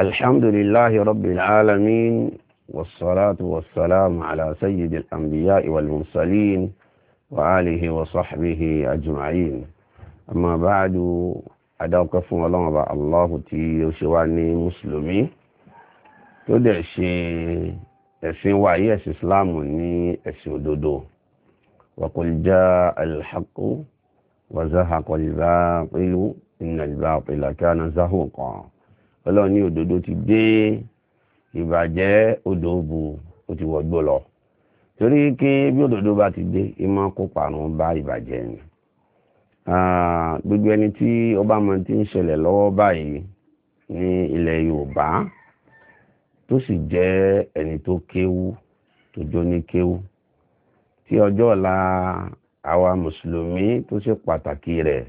الحمد لله رب العالمين والصلاة والسلام على سيد الأنبياء والمرسلين وآله وصحبه أجمعين أما بعد أدوك فون الله الله تي يشواني مسلمي تدعي ẹ̀sìn wa yìí ẹ̀sìn islamu ní ẹ̀sìn òdodo wàkùnjá الباطل wàzáhàkọ̀lìbá pẹ̀lú ìnàlìbá pẹ̀lú ọlọ́run ní òdodo ti dé ìbàjẹ́ odò bu ó ti wọgbó lọ torí kí bí òdodo bá ti dé ìmọ̀ kó parun bá ìbàjẹ́ ni gbogbo ẹni tí ọba mọ ti ń ṣẹlẹ̀ lọ́wọ́ báyìí ní ilẹ̀ Yorùbá tó sì jẹ́ ẹni tó kéwú tó jó ní kéwú tí ọjọ́ ọ̀la àwa mùsùlùmí tó ṣe pàtàkì rẹ̀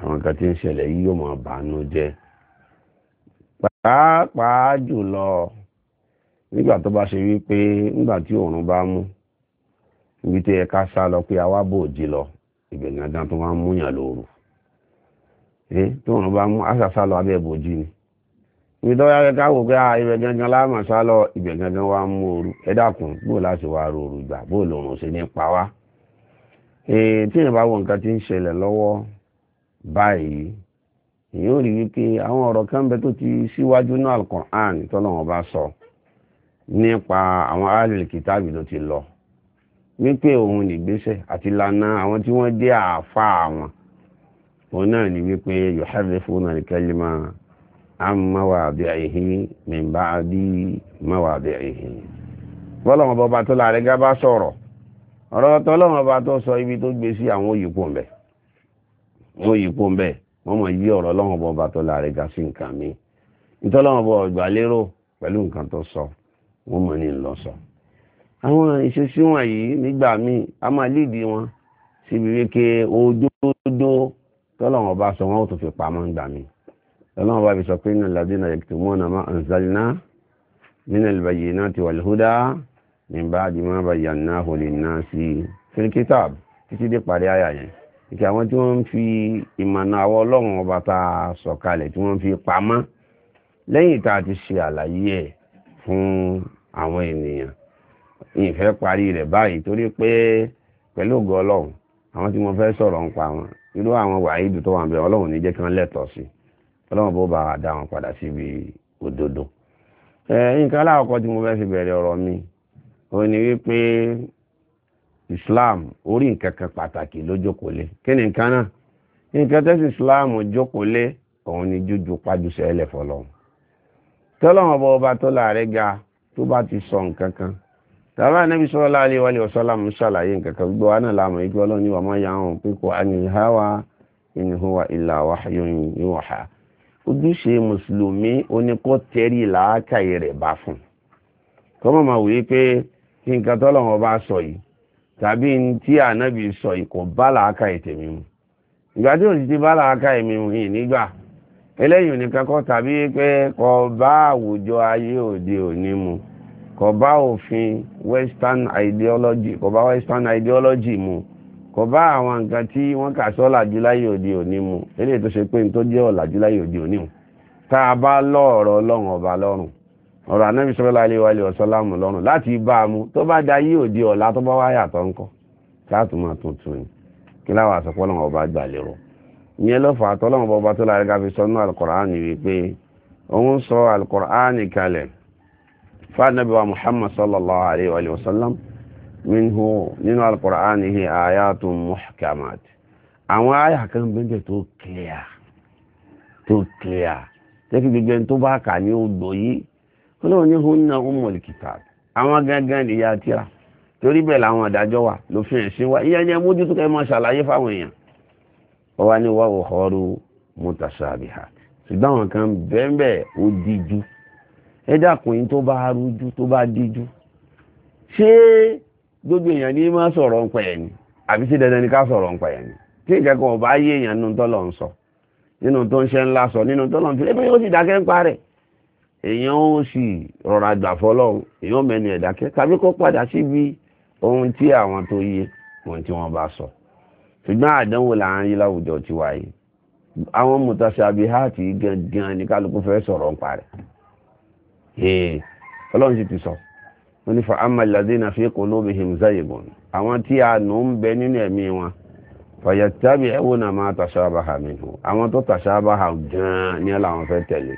àwọn kan tí ń ṣẹlẹ̀ yìí yóò máa jẹ́ pàápàá jùlọ nígbà tó bá ṣe wípé nígbà tí òòrùn bá mú ibi tí ẹka sá lọ pé àwa bò jí lọ ibẹ̀ tó máa ń tó òòrùn bá mú àṣà sá lọ abẹ́ jí ni ibi tó yára ká ah, ibẹ̀ láàmà sá ibẹ̀ wá mú ooru ẹ dákun bó wá rooru gbà bó lòrùn sí ní pa wá ẹ tí bá nǹkan tí ń ṣẹlẹ̀ èyí ò rí wípé àwọn ọ̀rọ̀ kan bẹ tó ti síwájú náà al tọ́lọ́wọ́n bá sọ nípa àwọn ahlul kitabi tó ti lọ wípé òun nìgbésẹ̀ àti lànà àwọn tí wọ́n dé àáfà àwọn òun náà ni wípé yuharrifuna bọ́lọ́wọ́n tó láàrin gábá sọ̀rọ̀ ọ̀rọ̀ tọ́lọ́wọ́n bá sọ ibi tó gbé sí àwọn òyìnbó wọ́n mọ̀ yí ọ̀rọ̀ ọlọ́run ọba ọba tó láàrin ga sí nǹkan mi ìtọ́lọ́run ọba ọgbà lérò pẹ̀lú nǹkan tó sọ wọ́n mọ̀ ní lọ sọ. àwọn ìṣesí wọ̀nyí nígbà míì a máa lídìí wọn síbi wípé ojódó tọ́lọ́run ọba sọ wọn ó tó fi pamọ́ nígbà míì ọlọ́run ọba fi sọ pé innal ladhina yaktumuna ma anzalna minal bayyinati wal huda min ba'di ma bayyanahu lin-nasi fil ìkẹ́ àwọn tí wọ́n ń fi ìmọ̀nà àwọ ọlọ́run ọba tá a sọ̀kalẹ̀ tí wọ́n ń fi pamọ́ lẹ́yìn tá a ti ṣe àlàyé ẹ̀ fún àwọn ènìyàn ìfẹ́ parí rẹ̀ báyìí torí pé pẹ̀lú ògo ọlọ́run àwọn tí mo fẹ́ sọ̀rọ̀ ń pa wọn irú àwọn wàhídù tó wà ń bẹ ọlọ́run ní jẹ́ kí wọ́n lẹ́tọ̀ọ́ sí ọlọ́run bó bá dá wọn padà síbi òdodo nǹkan aláwọ̀kọ́ tí mo fẹ́ fi bẹ̀rẹ̀ ọ̀rọ̀ mi òun ni wípé islam orí nǹkan kan pàtàkì ló jókòó lé kí ni nǹkan náà nǹkan tẹ́sí islam jókòó lé òun ni jújú pájúṣe ẹlẹ́fọ́ lọ́wọ́ tọ́lọ́wọ́n bọ́ ọba tó láàrẹ́ ga tó bá ti sọ nǹkan kan tàbá nẹ́bí sọ́lá alẹ́ wàlẹ́ ọ̀sọ́lámù ṣàlàyé nǹkan kan gbọ́ ánà láàmọ̀ ìgbọ́ lọ́ní wà máa yà hàn pé kò á ní háwa in huwa illa wahyun yuha ojúṣe mùsùlùmí oníkó tẹ́rì làákàyè rẹ̀ bá fún kọ́mọ̀ máa wòye pé kí nǹkan tọ́lọ́wọ́n bá sọ yìí tàbí ní tí ànábì sọ ìkọ̀ bá làákà ètè mi mu ìgbà tí òsì ti bá làákà èmi mu yìí nígbà eléyìí nìkan kọ́ tàbí pé kò bá àwùjọ ayé òde òní mu kò bá òfin western ideology kò bá western ideology mu kò bá àwọn nǹkan tí wọ́n kà sọ́ làjú láyé òde òní mu eléyìí tó ṣe pé ní tó jẹ́ ọ̀làjú láyé òde òní mu tá a bá lọ́ọ̀rọ̀ ọlọ́run ọba lọ́rùn ọ̀rọ̀ anábì sọ́lá aléwálé ọ̀sọ́lámù lọ́rùn láti bá a mú tó bá da yí òde ọ̀la tó bá wáyà tó ń kọ́ sáàtúmọ̀ tuntun ni kí láwọn àsọpọ̀ lọ́wọ́ ọba gbà lérò ìyẹn lọ́fà àtọ́lọ́wọ́ ọba tó lára gáfi sọ nú alukọ̀ránì wípé òun sọ alukọ̀ránì kalẹ̀ fáànàbí wa muhammad sallallahu alayhi wa sallam minhu nínú alukọ̀ránì tẹ́kí gbogbo tó bá kà ní odò yìí ọlọ́run ní hunna ummul kitab àwọn gangan nìyá tíra torí bẹ́ẹ̀ làwọn àdájọ́ wà lófin ẹ̀sìn wa ìyẹn ní mójútó kẹ́ máa ṣàlàyé fáwọn èèyàn wọ́n wá ní wàhùn ọ̀rọ̀ mutashabiha ṣùgbọ́n àwọn kan bẹ́ẹ̀ ó díjú ẹ dákun yín tó bá rújú tó bá díjú ṣé gbogbo èèyàn ní máa sọ̀rọ̀ ń pẹ̀ ni àbí sí dandan ni ká sọ̀rọ̀ ń pẹ̀ ni tí nǹkan kan ò bá yé èèyàn nínú tọ́lọ̀ ń sọ nínú tó ń ṣe ńlá sọ nínú tọ́lọ̀ ń fi ẹbí yóò sì dákẹ́ ń parẹ́ èèyàn ó sì rọra gbà fọlọ́run èèyàn mẹ́ni ẹ̀dákẹ́ tàbí kó padà síbi ohun tí àwọn tó yé ohun tí wọ́n bá sọ ṣùgbọ́n àdánwò là ń rí láwùjọ ti wáyé àwọn mùtàṣàbíháàtì gangan ní kálukú fẹ́ sọ̀rọ̀ ń parẹ́ ee ọlọ́run sì ti sọ wọ́n ní fa amalade na fi qulubihim zaygun àwọn tí a nù ń bẹ nínú ẹ̀mí wọn fàyàtàbí ẹ̀wọ̀n náà máa tàṣàbáhà minhu àwọn tó tàṣàbáhà gan-an ní làwọn fẹ́ tẹ̀lé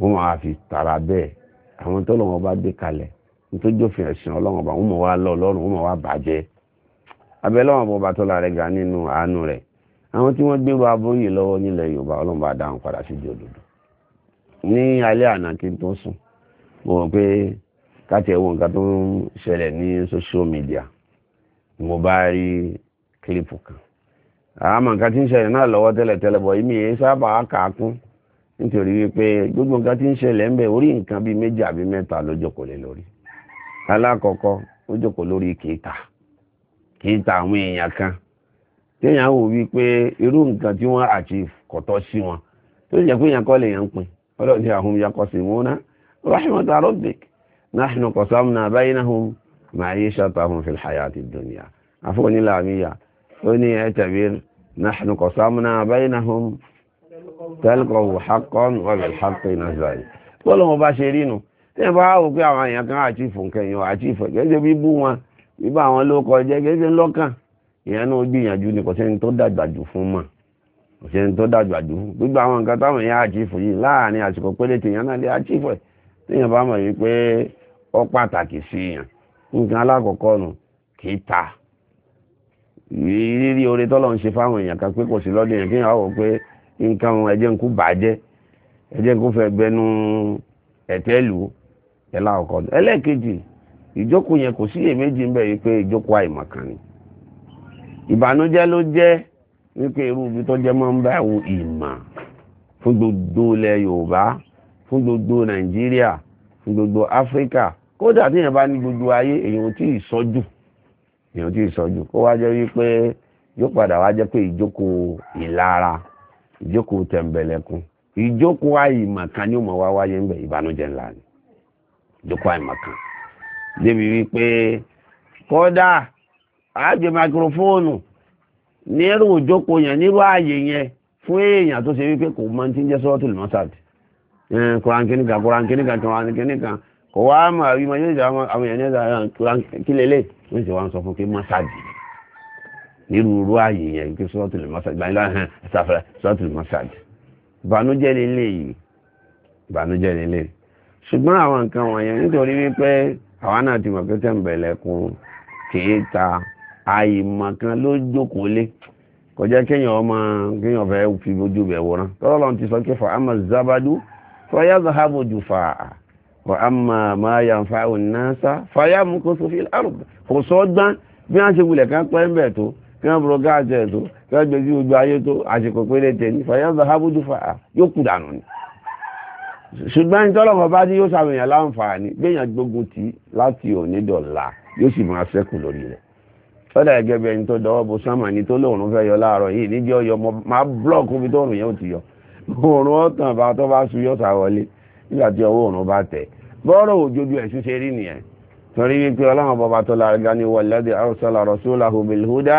wọ́n máa fi tara bẹ́ẹ̀ àwọn tọ́lọ́wọ́n bá gbé kalẹ̀ nítorí òfin ẹ̀sìn ọlọ́wọ́n bá wọ́n mọ̀ wá lọ ọlọ́run wọ́n mọ̀ wá bàjẹ́ abẹ́ lọ́wọ́n bọ́ bàtọ́lá rẹ̀ ga nínú àánú rẹ̀ àwọn tí wọ́n gbérò aburú yìí lọ́wọ́ nílẹ̀ Yorùbá ọlọ́run dáhùn padà sí di òdodo ní alẹ́ àná kí n tó sùn mo rò pé káti ẹ̀wọ̀n nǹkan tó ń ṣẹlẹ̀ ní social media mo bá rí kílípù kan àmọ́ nǹkan tí ń ṣẹlẹ̀ náà lọ́wọ́ tẹ́lẹ̀tẹ́lẹ̀ bọ̀ yìí mi sábà kà nítorí wípé gbogbo nǹkan tí ń ṣẹlẹ̀ ń bẹ̀ orí nǹkan bíi méjì àbí mẹ́ta ló jókòó lé lórí alákọ̀ọ́kọ́ ó lórí kìíta kìíta àwọn èèyàn kan téèyàn wò wípé irú nǹkan tí wọ́n àti kọ̀tọ́ sí wọn tó jẹ́ pé èèyàn kọ́ lè yàn pin ọlọ́run ti àwọn sí wọn náà rahmata rabbik nahnu qasamna bainahum ma'ishatahum fil hayati dunya ó ní ẹ̀ tẹ̀wé nahnu tẹ́lẹ̀kọ̀wò hakọ́nù ọ̀bẹ̀ hakọ́ ìnàzàrí bọ́lọ̀ wọn bá ṣe rí nu tẹ́ bá wò pé àwọn èèyàn kan àti ìfòǹkẹyìn àti ìfòǹkẹyìn bí bú wọn bíbá àwọn lóko jẹ́ gẹ́gẹ́ lọ́kàn ìyẹn náà gbìyànjú ni kò tó dàgbà fún kò tó dàgbà fún àwọn nǹkan táwọn èèyàn àti ìfò yìí láàrin àsìkò náà lè àti ìfò bá mọ̀ wípé ó pàtàkì sí nǹkan ẹ̀jẹ̀ ń kú bàjẹ́ ẹ̀jẹ̀ ń kú fẹ́ gbẹnu ẹ̀tẹ́lù ẹ̀là ọkọ̀ ẹlẹ́ẹ̀kejì ìjókòó yẹn kò sí iyèméjì ń yìí pé ìjókòó àìmọ̀kan ni ìbànújẹ́ ló jẹ́ wípé irú ibi tó mọ́ ń bá ìmọ̀ fún gbogbo ilẹ̀ Yorùbá fún gbogbo Nàìjíríà fún gbogbo Áfíríkà kódà tí yẹn bá ní gbogbo ayé èèyàn tí ì sọ́jú èèyàn tí ì sọ́jú kó wá jẹ́ wípé yóò padà wá jẹ́ pé ìjókòó ìlara ìjókòó tẹ̀m̀bẹ̀lẹ̀kún ìjókòó àìmọ̀kan ni ó mọ̀ wá wáyé ń bẹ̀ ìbànújẹ́ ńlá ni ìjókòó àìmọ̀kan débi wípé kódà àgbẹ̀ máikrófóònù nírú ìjókòó yẹn nírú ààyè yẹn fún èèyàn tó ṣe wípé kò mọ̀ tí ń jẹ́ sọ́ọ́tù lùmọ́sàdì kùránkìníkan kùránkìníkan kùránkìníkan kò wá mọ̀ àwọn èèyàn ní ìdáwọn kílélẹ̀ sì wá ń sọ fún pé mọ́sàdì nírúurú ààyè yẹn sọ́tìlì mọ́sàdì ìgbà ńlá hàn sọ́tìlì mọ́sàdì ìbànújẹ́ nílé yìí ìbànújẹ́ nílé ṣùgbọ́n àwọn nǹkan wọ̀nyẹn nítorí wípé àwa náà ti mọ̀ pé tẹ̀m̀bẹ̀lẹ̀kùn kìí ta àìmọ̀ kan ló jókòó lé kọjá kéèyàn ọmọ kéèyàn fẹ́ fi ojú bẹ̀ tọ́lọ́ lọ́n ti sọ fọ àmà fọyá zahabu fà á fọ fa náà sá fọyá mú kó tí wọ́n bọ̀rọ̀ gáàjẹ̀ tó tí wọ́n gbèsè gbogbo ayé tó àsìkò péré tẹ̀ ní fàyàbà hábùdù fà yóò kù dànù ni ṣùgbọ́n ìtọ́lọ́mọ bá ní yóò sàmìyàn láǹfààní gbéyàn gbógun tí láti òní dọ̀la yóò sì máa ṣẹ́kù lórí rẹ̀ fẹ́lá ẹ̀gẹ́ bí ẹni tó dọwọ́ bo sánmà ní tó lóòrùn fẹ́ yọ láàárọ̀ yìí níjẹ́ ọyọ máa blọ́ọ̀kì omi tó òrùn yẹn ò ti yọ òrùn ọ̀tàn bá tó bá bọ́ọ̀rọ̀ òjòjú ẹ̀sùn ṣe rí nìyẹn torí wípé ọlọ́run bọba tó lára ní wọlẹ́dẹ̀ arúsọ́lá rọ̀ṣọ́lá bil huda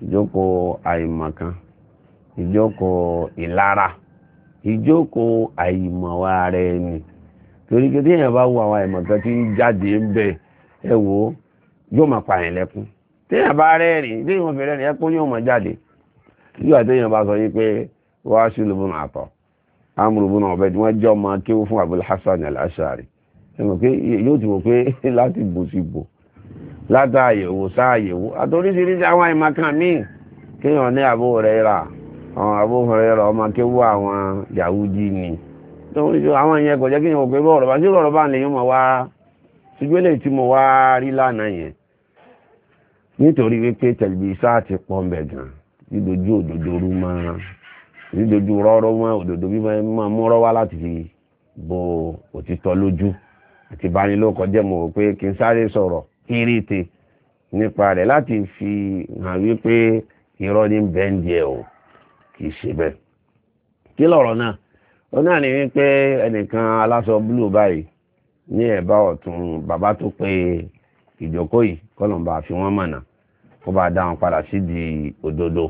ìjókòó àìmọ̀kan ìjókòó ìlara ìjókòó àìmọ̀wá ara ẹni torí pé tí èèyàn bá wo àwọn àìmọ̀kan tí ń jáde ń bẹ ẹ wò ó yóò máa pa àyìn lẹ́kún tí èèyàn bá rẹ́rìn tí èèyàn fi rẹ́rìn ẹkún yóò máa jáde nígbà tí èèyàn bá sọ yìí pé wàá ṣùlùbùn àtọ̀ amúrùbùn ọ̀bẹ tí wọ́n jọ́ máa kéwú fún Abul Hasan al-Ash'ari yóò ti wò pé láti bò sí bò látàyẹ̀wò sáàyẹ̀wò àtòríṣiríṣi àwọn àìmọ̀kan míì kéèyàn ní Abu Huraira àwọn Abu Huraira ọmọ kéwú àwọn Yahudi ni toríṣiríṣi àwọn ìyẹn kò jẹ́ kéèyàn òpè bọ́ ọ̀rọ̀ bá sí ọ̀rọ̀ bá lèyìn mọ̀ wá ṣùgbọ́n tí mo wá rí lánàá yẹn nítorí wípé tẹ̀lifí sáà ti pọ̀ mbẹ̀ gan dídojú òdodo rú mọ́ dídojú rọ́rọ́ mọ́ òdodo bí máa múrọ́ wá láti bo òtítọ́ lójú àti bánilókọjẹ́ mo rò pé kí n sáré sọ̀rọ̀ péréte nípa rẹ̀ láti fi hàn wípé irọ́ ní bẹ́ńdì ẹ̀ o kì í ṣe bẹ́ẹ̀. kí lọ̀rọ̀ náà ó náà ní wípé ẹnìkan aláṣọ búlù báyìí ní ẹ̀bá ọ̀tún bàbá tó pé ìjókòó yìí kọ́lọ̀mbà fi wọ́n mọ̀nà kó bá dá wọn padà sídìí òdodo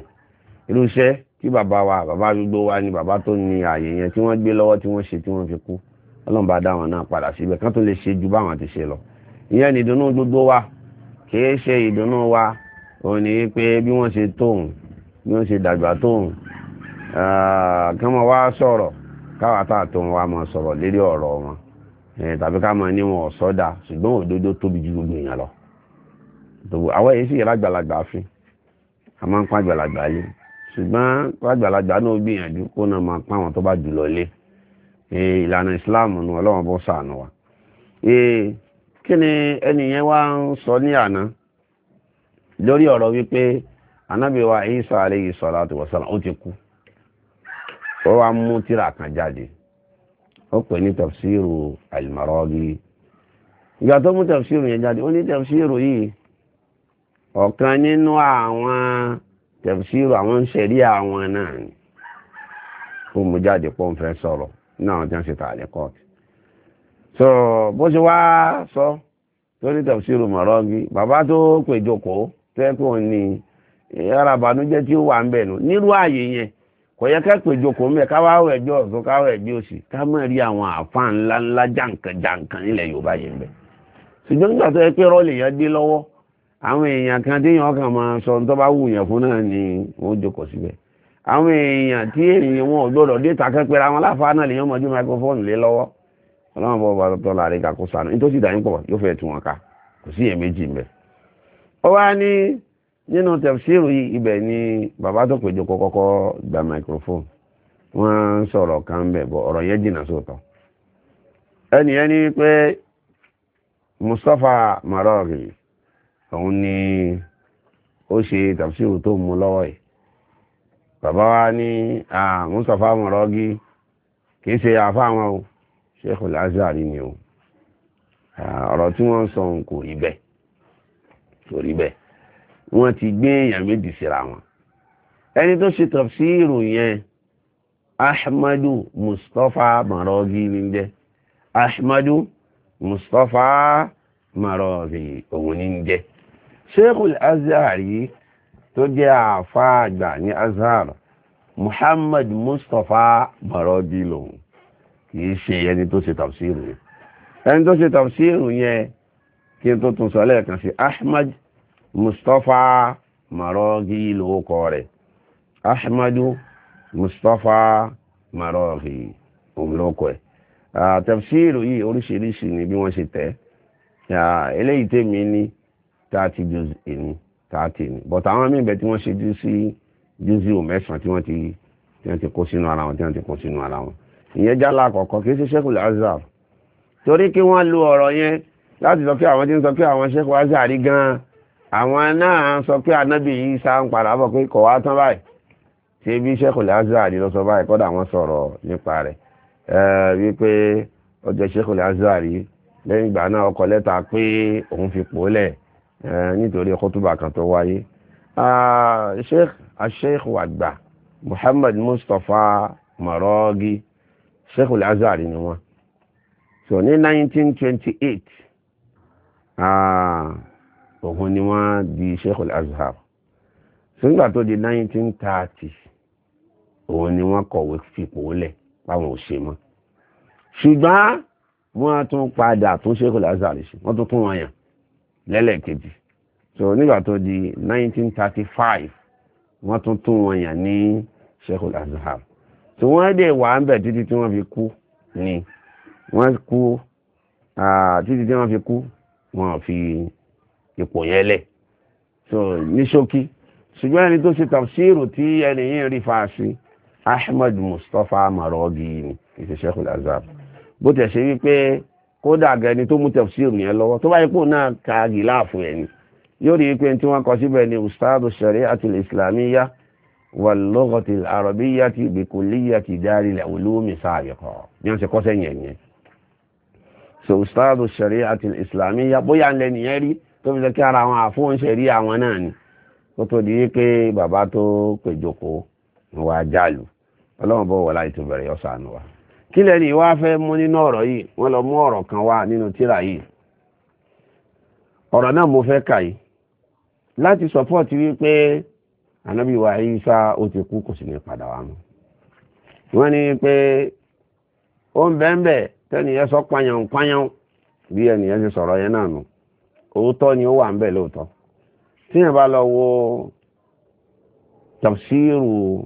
irúṣẹ́ tí bàbá wa bàbá gbogbo wa ni bàbá tó ní ààyè yẹn tí wọ́n gbé lọ́wọ́ tí wọ́n ṣe tí wọ́n fi kú ọlọ́mbà dá wọn náà padà síbẹ̀ kán tó lè ṣe ju báwọn ti ṣe lọ ìyẹn ni ìdùnnú gbogbo wa kìí ṣe ìdùnnú wa ò ní pé bí wọ́n ṣe tóun bí wọ́n ṣe dàgbà tóun kí wọ́n wá sọ̀rọ̀ káwa tá a wa máa sọ̀rọ̀ lérí ọ̀rọ̀ wọn tàbí ká máa ní wọn ọ̀sọ́dà ṣùgbọ́n òdodo tóbi ju gbogbo èèyàn lọ àwọn èyí sì yẹra àgbàlagbà fún a máa ń pa àgbàlagbà lé ṣùgbọ́n àgbàlagbà náà gbìyànjú kó náà máa pa àwọn tó bá jù lọ lé ìlànà ìsìláàmù ni ọlọ́wọ́n bó sànù wa. kí ni ẹnìyẹn wá ń sọ ní àná lórí ọ̀rọ̀ wípé anábì Isa alayhi salatu wa salam ó ti kú ó wá mú tírà kan jáde ó pè ní tafsiru al-Maraghi ìgbà tó mú tafsiru yẹn jáde ó ní yi, yìí ọ̀kan nínú àwọn tafsiru àwọn ṣẹ̀rí àwọn náà ó mú jáde pọ́ńfẹ́ sọ̀rọ̀ náà na ti ń ṣe tààlẹ́ kọ́ọ̀tù so bó ṣe wá sọ torí tẹ̀síìrù mọ̀rọ́gì bàbá tó péjọkọ̀ tẹ́kùn ni ara tí ó wà ń bẹ̀ nù nírú ààyè yẹn kò yẹ ká péjọkọ̀ mẹ́ káwá ẹ̀jọ́ ọ̀tún káwá òsì ká mọ̀ rí àwọn àfa ńlá ńlá jàǹkàn jàǹkàn Yorùbá yẹn bẹ̀ ṣùgbọ́n nígbà tó yẹ pé rọ́ọ̀lì yẹn dé lọ́wọ́ àwọn èèyàn kan kàn máa sọ wù fún náà ni wọ́n jókòó ọlọ́run bọ́ bá tọ́ láàrin kakó sànú nítorí ìdáyín pọ̀ yóò fẹ́ tún wọn ká kò sí èméjì ó wá ní nínú tẹ̀síìrù ibẹ̀ ni bàbá tó péjọ gba microphone wọ́n sọ̀rọ̀ kan bẹ̀ bọ̀ ọ̀rọ̀ yẹn jìnnà sóòtọ́. ẹnì yẹn ni pé Mustapha òun ni ó ṣe tẹ̀síìrù tó mú lọ́wọ́ yìí. bàbá wa ní Mustapha sheikh al-azhari ni o ọ̀rọ̀ tí wọ́n sọ kò rí bẹ́ẹ̀ kò rí bẹ́ẹ̀ wọ́n ti gbé èèyàn méjì síra wọn ẹni tó ṣe tafsiru yẹn ahmadu mustapha marozi ní jẹ́ ahmadu mustapha marozi òun ní jẹ́ sheikh al tó jẹ́ àfáàgbà ní azhar muhammad mustapha marozi lòun kìí ṣe ẹni tó ṣe tafsiru yẹn ẹni tó ṣe tafsiru yẹn kí n tó tún sọ lẹ́ẹ̀kan sí ahmad mustapha maroghi lóòkọ rẹ̀ ahmadu mustapha maroghi òun lóòkọ ẹ̀ tafsiru yìí oríṣiríṣi ni bí wọ́n ṣe tẹ̀ eléyìí tèmi ní tààtì jùzì ní tààtì ní but àwọn míì bẹ tí wọ́n ṣe jù sí jùzì ò mẹ́sàn-án tí wọ́n ti kó sínú ara wọn tí wọ́n ti kó sínú ara wọn ìyẹn jálá àkọ́kọ́ kìí ṣe Sheikhul Azhar torí kí wọ́n lo ọ̀rọ̀ yẹn láti sọ pé àwọn tí ń sọ pé àwọn Sheikhul Azhar rí gan-an àwọn náà sọ pé anábì yìí sá ń padà bọ̀ pé kọ̀ wá tán báyìí ṣe bí Sheikhul Azhar rí lọ sọ báyìí kọ́dà wọ́n sọ̀rọ̀ nípa rẹ̀ wípé ó jẹ́ Sheikhul Azhar rí lẹ́yìn ìgbà náà ọkọ̀ lẹ́ta pé òun fi pòólẹ̀ nítorí kútúbà kan tó wáyé Sheikh Sheikh àgbà Muhammad Mustapha Maragi sheikh al-azhari ni wọ́n so ní 1928 ah, òhun ni wọ́n di sheikh al-azhar so nígbà tó di 1930 òhun ni wọ́n kọ̀wé fipò lẹ̀ páwọn ò ṣe mọ́ ṣùgbọ́n wọ́n tún padà tún sheikh al-azhar ṣe wọ́n tún tún wọn yàn lẹ́lẹ́kejì so nígbà tó di 1935 wọ́n tún tún wọn yàn ní sheikh al-azhar tí wọ́n dẹ̀ wà ń bẹ̀ títí tí wọ́n fi kú ni wọ́n kú títí tí wọ́n fi kú wọ́n fi ipò yẹn lẹ̀ so ní ṣókí ṣùgbọ́n ẹni tó ṣe tafsiru tí ẹni yìí rí fa sí Ahmed Mustapha Maragi ni ìṣe Sheikhul Azhar bó tẹ̀ ṣe wípé kódà gẹni tó mú tafsiru yẹn lọ́wọ́ tó bá yẹ kó náà ka gíláàfù ẹ̀ ni yóò rí i pé tí wọ́n kọ síbẹ̀ ni ustaadu shari'atul islamiyya wàlọ́gọ̀tì àrọ̀bíyà ti bìkúlíyà ti dárí olómi sáàbìkọ̀ ní wọ́n ti kọ́ sẹ́yìn ẹ̀yẹn so ustaadu sharia àti islamiyya bóyá ń lẹ́nu yẹn rí tó fi sọ kí ara àwọn àfóhùn ṣẹ̀rí àwọn náà ni kó tó di pé bàbá tó péjọkó wà jálù ọlọ́run bó wọlá ètò bẹ̀rẹ̀ ọ̀sán wa kí lẹ́ni ìwá fẹ́ mú nínú ọ̀rọ̀ yìí wọ́n lọ mú ọ̀rọ̀ kan wá nínú tíra yìí ọ̀rọ̀ náà mo fẹ́ kà yìí láti sọpọ́ọ̀tì wípé ànábì wa Ìsá ó ti kú kò sì ní padà wá mọ́ wọ́n ní pé ó ń bẹ́ẹ̀ tẹ́niyẹ sọ pàyàn pàyàn bí ẹniyẹ ti sọ̀rọ̀ yẹn náà nù òótọ́ ni ó wà ń bẹ̀ lóòótọ́ tí yẹn bá lọ wo tafsiru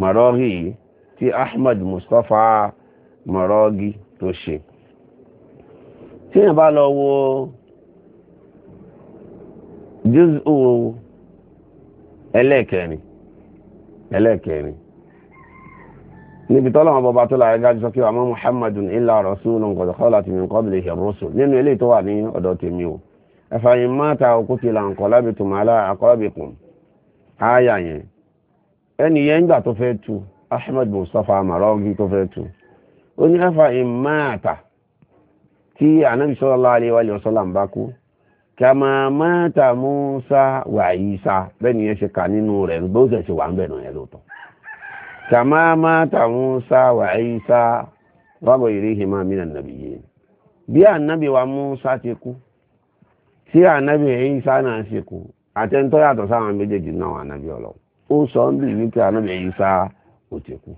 Maraghi tí Ahmed Mustapha Maraghi tó ṣe tí yẹn bá lọ wo juz'u ẹlẹ́ẹ̀kẹrin ẹlẹ́ẹ̀kẹrin níbi tọ́lọ̀ wọn bọba tó láyé gájú sọ́kí àmọ́ muhammadun illa rasulun qad khalat min qablihi ar-rusul nínú ilé tó wà ní ọ̀dọ̀ tèmi o ẹ̀fàyìn mata qutila anqalabtum ala aqabikum ááyà yẹn ẹni yẹn gbà tó fẹ́ tu ahmed mustapha tó fẹ́ tu ó ní tí bá kú kama mata musa wa isa bẹ́ẹ̀ni yẹn ṣe kà nínú rẹ̀ bó ṣe ṣe wà ń bẹ̀rẹ̀ yẹn lóòótọ́ kama mata musa wa isa wàbọ̀ yìí rèé hìmá mìíràn nàbì yìí bí ànábì wa musa ti kú tí ànábì isa náà ṣe kú àtẹnitọ́ yàtọ̀ sáwọn méjèèjì náà wà ànábì ọlọ ó sọ ń bì wípé ànábì isa ò ti kú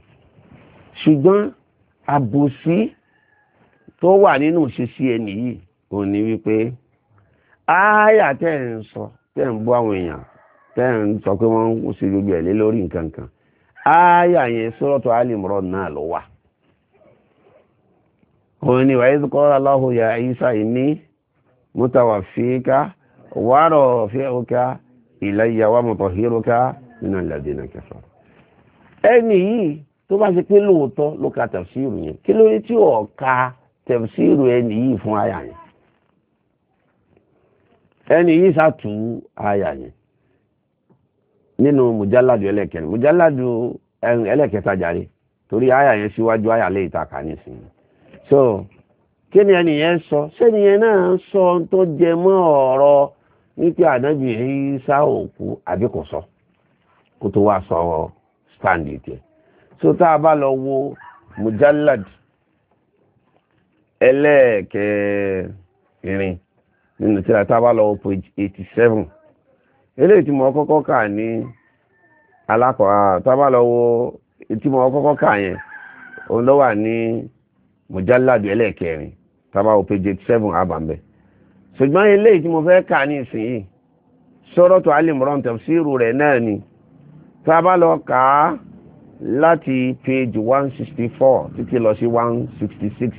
ṣùgbọ́n àbòsí tó wà nínú ṣíṣí ẹni yìí ò wípé. ááyà tẹ́ ń sọ tẹ́ ń bú àwọn èèyàn tẹ́ ń sọ pé wọ́n ń ṣe gbogbo ẹ̀ lórí nǹkan kan ááyà yẹn sọ́rọ̀tọ̀ alìmọ̀rọ̀ náà ló wà. òun ni wàá ìsìnkọ́ Allahu ya Isa inni mutawaffika wa rafi'uka ilayya wa mutahhiruka minal ladina kafaru. ẹni yìí tó bá ṣe pé lóòótọ́ ló ka tafsiru yẹn kí ló ní tí ò ka tafsiru ẹni yìí fún ẹni yìí sàtú àyà nínú mùjáládù mùjáládù ẹlẹ́kẹta jàre torí àyà yẹn síwájú àyà lè ìtaka nísìnyí so kí ni ẹni yẹn sọ sẹ́ni yẹn náà sọ tó jẹ mọ́ ọ̀rọ̀ wípé ànábì Ìsá òkú àbí kó tó wá sọ stand so tá a bá lọ wo mùjáládù nínú tí a tábà lọ page eighty seven eléyìí tí mo kọ́kọ́ kà ní alákọ̀ tábà lọ wo tí mo kọ́kọ́ kà yẹn òun ló wà ní mọ̀jáládù ẹlẹ́ẹ̀kẹrin tábà wo page eighty seven àbàmbẹ́ ṣùgbọ́n eléyìí tí mo fẹ́ kà ní ìsinyìí sọ́rọ́tò alimran tafsiru rẹ̀ náà ni tábà lọ kà á láti page one sixty four títí lọ sí one sixty six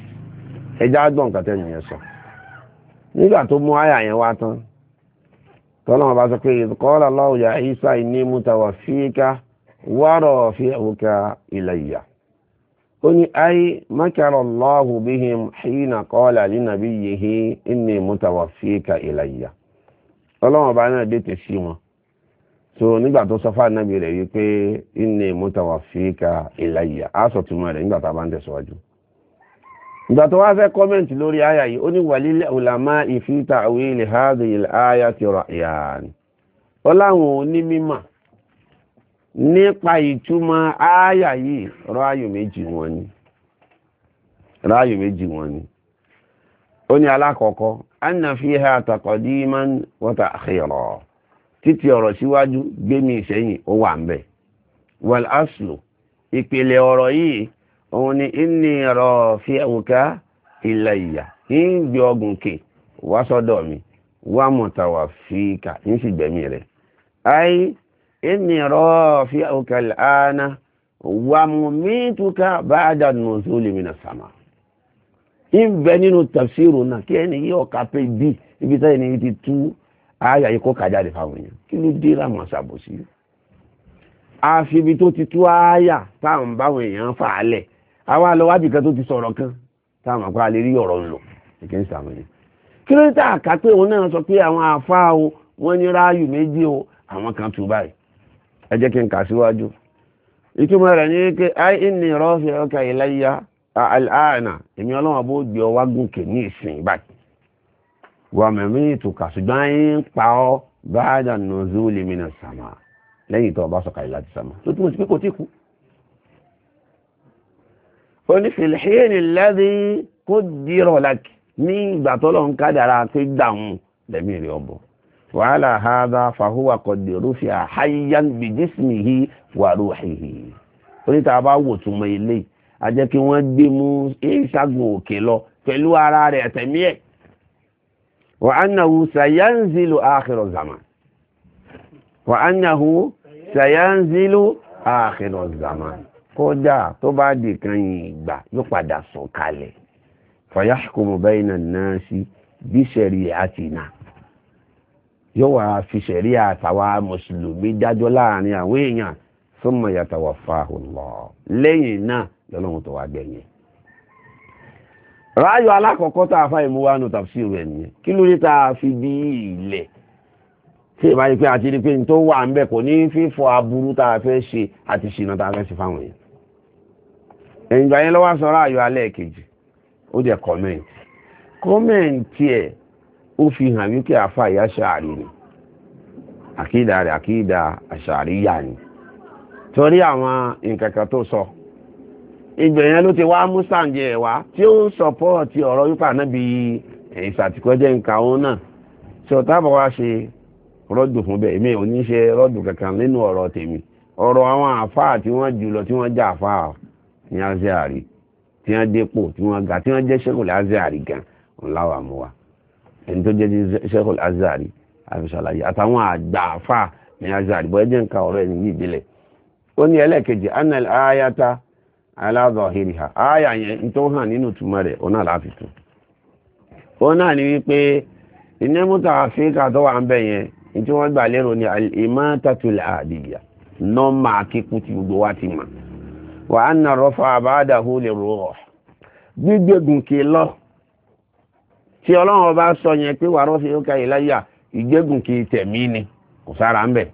ẹja gbọ̀ǹkàtẹ́ nìyẹn sọ. nígbà tó mú àyà yẹn wá tán tọ́lọ́mọ bá sọ pé ìkọ́lá lọ́wọ́yà ìsá ìní mútawà fíkà wárọ̀ fi òkà ìlàyà ó ní ayé mákàrọ̀ lọ́wọ́ bí i hìnà kọ́lá línàbí yìí ìní mútawà fíkà ìlàyà tọ́lọ́mọ bá náà dé tẹ̀sí wọn so nígbà tó sọ fáànàbí rẹ̀ wípé ìní mútawà fíkà á sọ rẹ̀ nígbà tá a bá ń tẹ̀síwájú. ìgbà tó wá fẹ́ kọ́mẹ̀ntì lórí àyà yìí ó ní wàlílẹ̀ ulama ìfi ta'wil hadhihi al-aya ti ra'yan ó láwọn onímímọ̀ nípa ìtumọ̀ àyà yìí ráyò méjì wọn ni ráyò méjì wọn ni ó ní alákọ̀ọ́kọ́ anna fiha taqdiman wa ta'khira títí ọ̀rọ̀ síwájú gbé ìsẹ́yìn ó wà ń bẹ̀ wal aslu ìpìlẹ̀ ọ̀rọ̀ yìí òun ni inni rafi'uka ilayya ń gbé ọgùn kè wá sọ́dọ̀ mi wá mọ̀tàwà fíkà ń sì gbẹ̀mí rẹ̀ ayé inni rafi'uka al'ana wà mú mítúkà ba'da mi minas sama ń bẹ nínú tafsiru náà kí ẹni yí ọkà pé bí ibi táyé ni ti tú ayà yìí kó kàjáde fáwọn èèyàn kí ló dé láwọn àfi ibi tó ti tú ayà táwọn báwọn èèyàn fà á lẹ̀ àwa lọ wábì kan tó ti sọ̀rọ̀ kan táwọn àpá lè rí ọ̀rọ̀ lò ìkẹ́ ń sàmì ni kí ló ń tà ká pé òun náà sọ pé àwọn àfáà o wọ́n ní ráàyù méjì o àwọn kan tù báyìí ẹ jẹ́ kí n kà síwájú ìtumọ̀ rẹ̀ ní pé ai inni rọ́ọ̀fì ọkà ìlàyà àlànà èmi ọlọ́wọ́n bó gbé ọ wá gòkè ní ìsìn báyìí wà mẹ́mí ìtùkà ṣùgbọ́n ayé ń pa ọ́ báyà nùzúlì mìíràn sàmà lẹ́yìn tó ọba sọ̀kà ìlà ti sàmà tó túmọ̀ sí pé kò tí kú ó ní fìlìhìn lẹ́dí kó dírọ̀ lákì ní ìgbà tó lọ́n kádàrá pé dàmú lẹ́mí rẹ̀ ọ̀bọ̀ wàhálà hádà fàhúwà kọ̀dẹ̀rú fi àháyán bìjísìmìhì wà rúhìhì oníta bá wò túnmọ̀ ilé a jẹ́ kí wọ́n gbé mú ìṣàgùn òkè lọ pẹ̀lú ara rẹ̀ ẹ̀tẹ̀mí ẹ̀ wà ánàhù sàyánzìlù àkìrọ̀ zaman wà ánàhù sàyánzìlù àkìrọ̀ zaman kódà tó bá di kan yìí ìgbà yóò padà sùn kalẹ̀ fayahkumu bayna an-nasi bí shari'atina yóò wá fi ṣẹ̀rí àtàwà mùsùlùmí dájọ́ láàrin àwọn èèyàn thumma yatawaffahu Allah lẹ́yìn náà lọ́lọ́run tó wá gbẹ̀yìn ráyọ alákọ̀ọ́kọ́ tá a fà ìmúwánu tàfsí rẹ̀ nìyẹn kí ló dé tá a fi bí ilẹ̀ tí ìbáyé pé àti rí pé n tó wà ń bẹ̀ kò ní fífọ aburú tá a fẹ́ ṣe àti ṣìnà tá a fẹ́ ṣe fáwọn èèyàn ẹ̀yìngbà yẹn lọ́wọ́ sọ́rọ̀ ayọ̀ alẹ́ kejì ó dẹ̀ kọ́mẹ́ǹtì kọ́mẹ́ǹtì ẹ̀ ó fi hàn wípé àfa ìyá ṣàárì ni àkídà rẹ̀ àkídà àṣàárì yà ni torí àwọn nǹkan kan tó sọ ibẹ̀ yẹn ló ti wá mú sàǹjẹ̀ ẹ̀ wá tí ó ń sọ̀pọ́ọ̀tì ọ̀rọ̀ wípé ànábì ìsàtìkọ́jẹ́ nǹkan òun náà ṣọ̀tàbọ̀ wá ṣe rọ́dù fún bẹ́ẹ̀ mi ò ní ṣe rọ́dù kankan nínú ọ̀rọ̀ tèmi ọ̀rọ̀ àwọn àfáà tí wọ́n jù lọ tí wọ́n já àfáà ní azeari tí wọ́n dépò tí wọ́n ga tí wọ́n jẹ́ sẹ́kùl azeari gan ńláwà mú wa ẹni tó jẹ́ sẹ́kùl azeari àfisàlàyé àtàwọn àgbààfà ní azeari bọ́ jẹ́ nǹkan ọ̀rọ̀ ẹni yìí ìbílẹ̀ ó ní ẹlẹ́ẹ̀kejì ayata ayà yẹn tó hàn nínú túmọ̀ rẹ̀ ọ̀nà ó náà ni wípé iná àfíríkà tó wà ń bẹ̀ yẹn tí wọ́n gbà lérò ní ìmọ̀ tàtúlẹ̀ àdìyà nọ́ọ̀mà kíkú ti gbogbo wa ti mọ̀ wà á nà rọ́fà àbáàdàhù le rò ọ̀ gbígbégun kì í lọ tí ọlọ́run ọba sọ yẹn pé wà rọ́fì láyà ìgbégun kì ni kò sára ń bẹ̀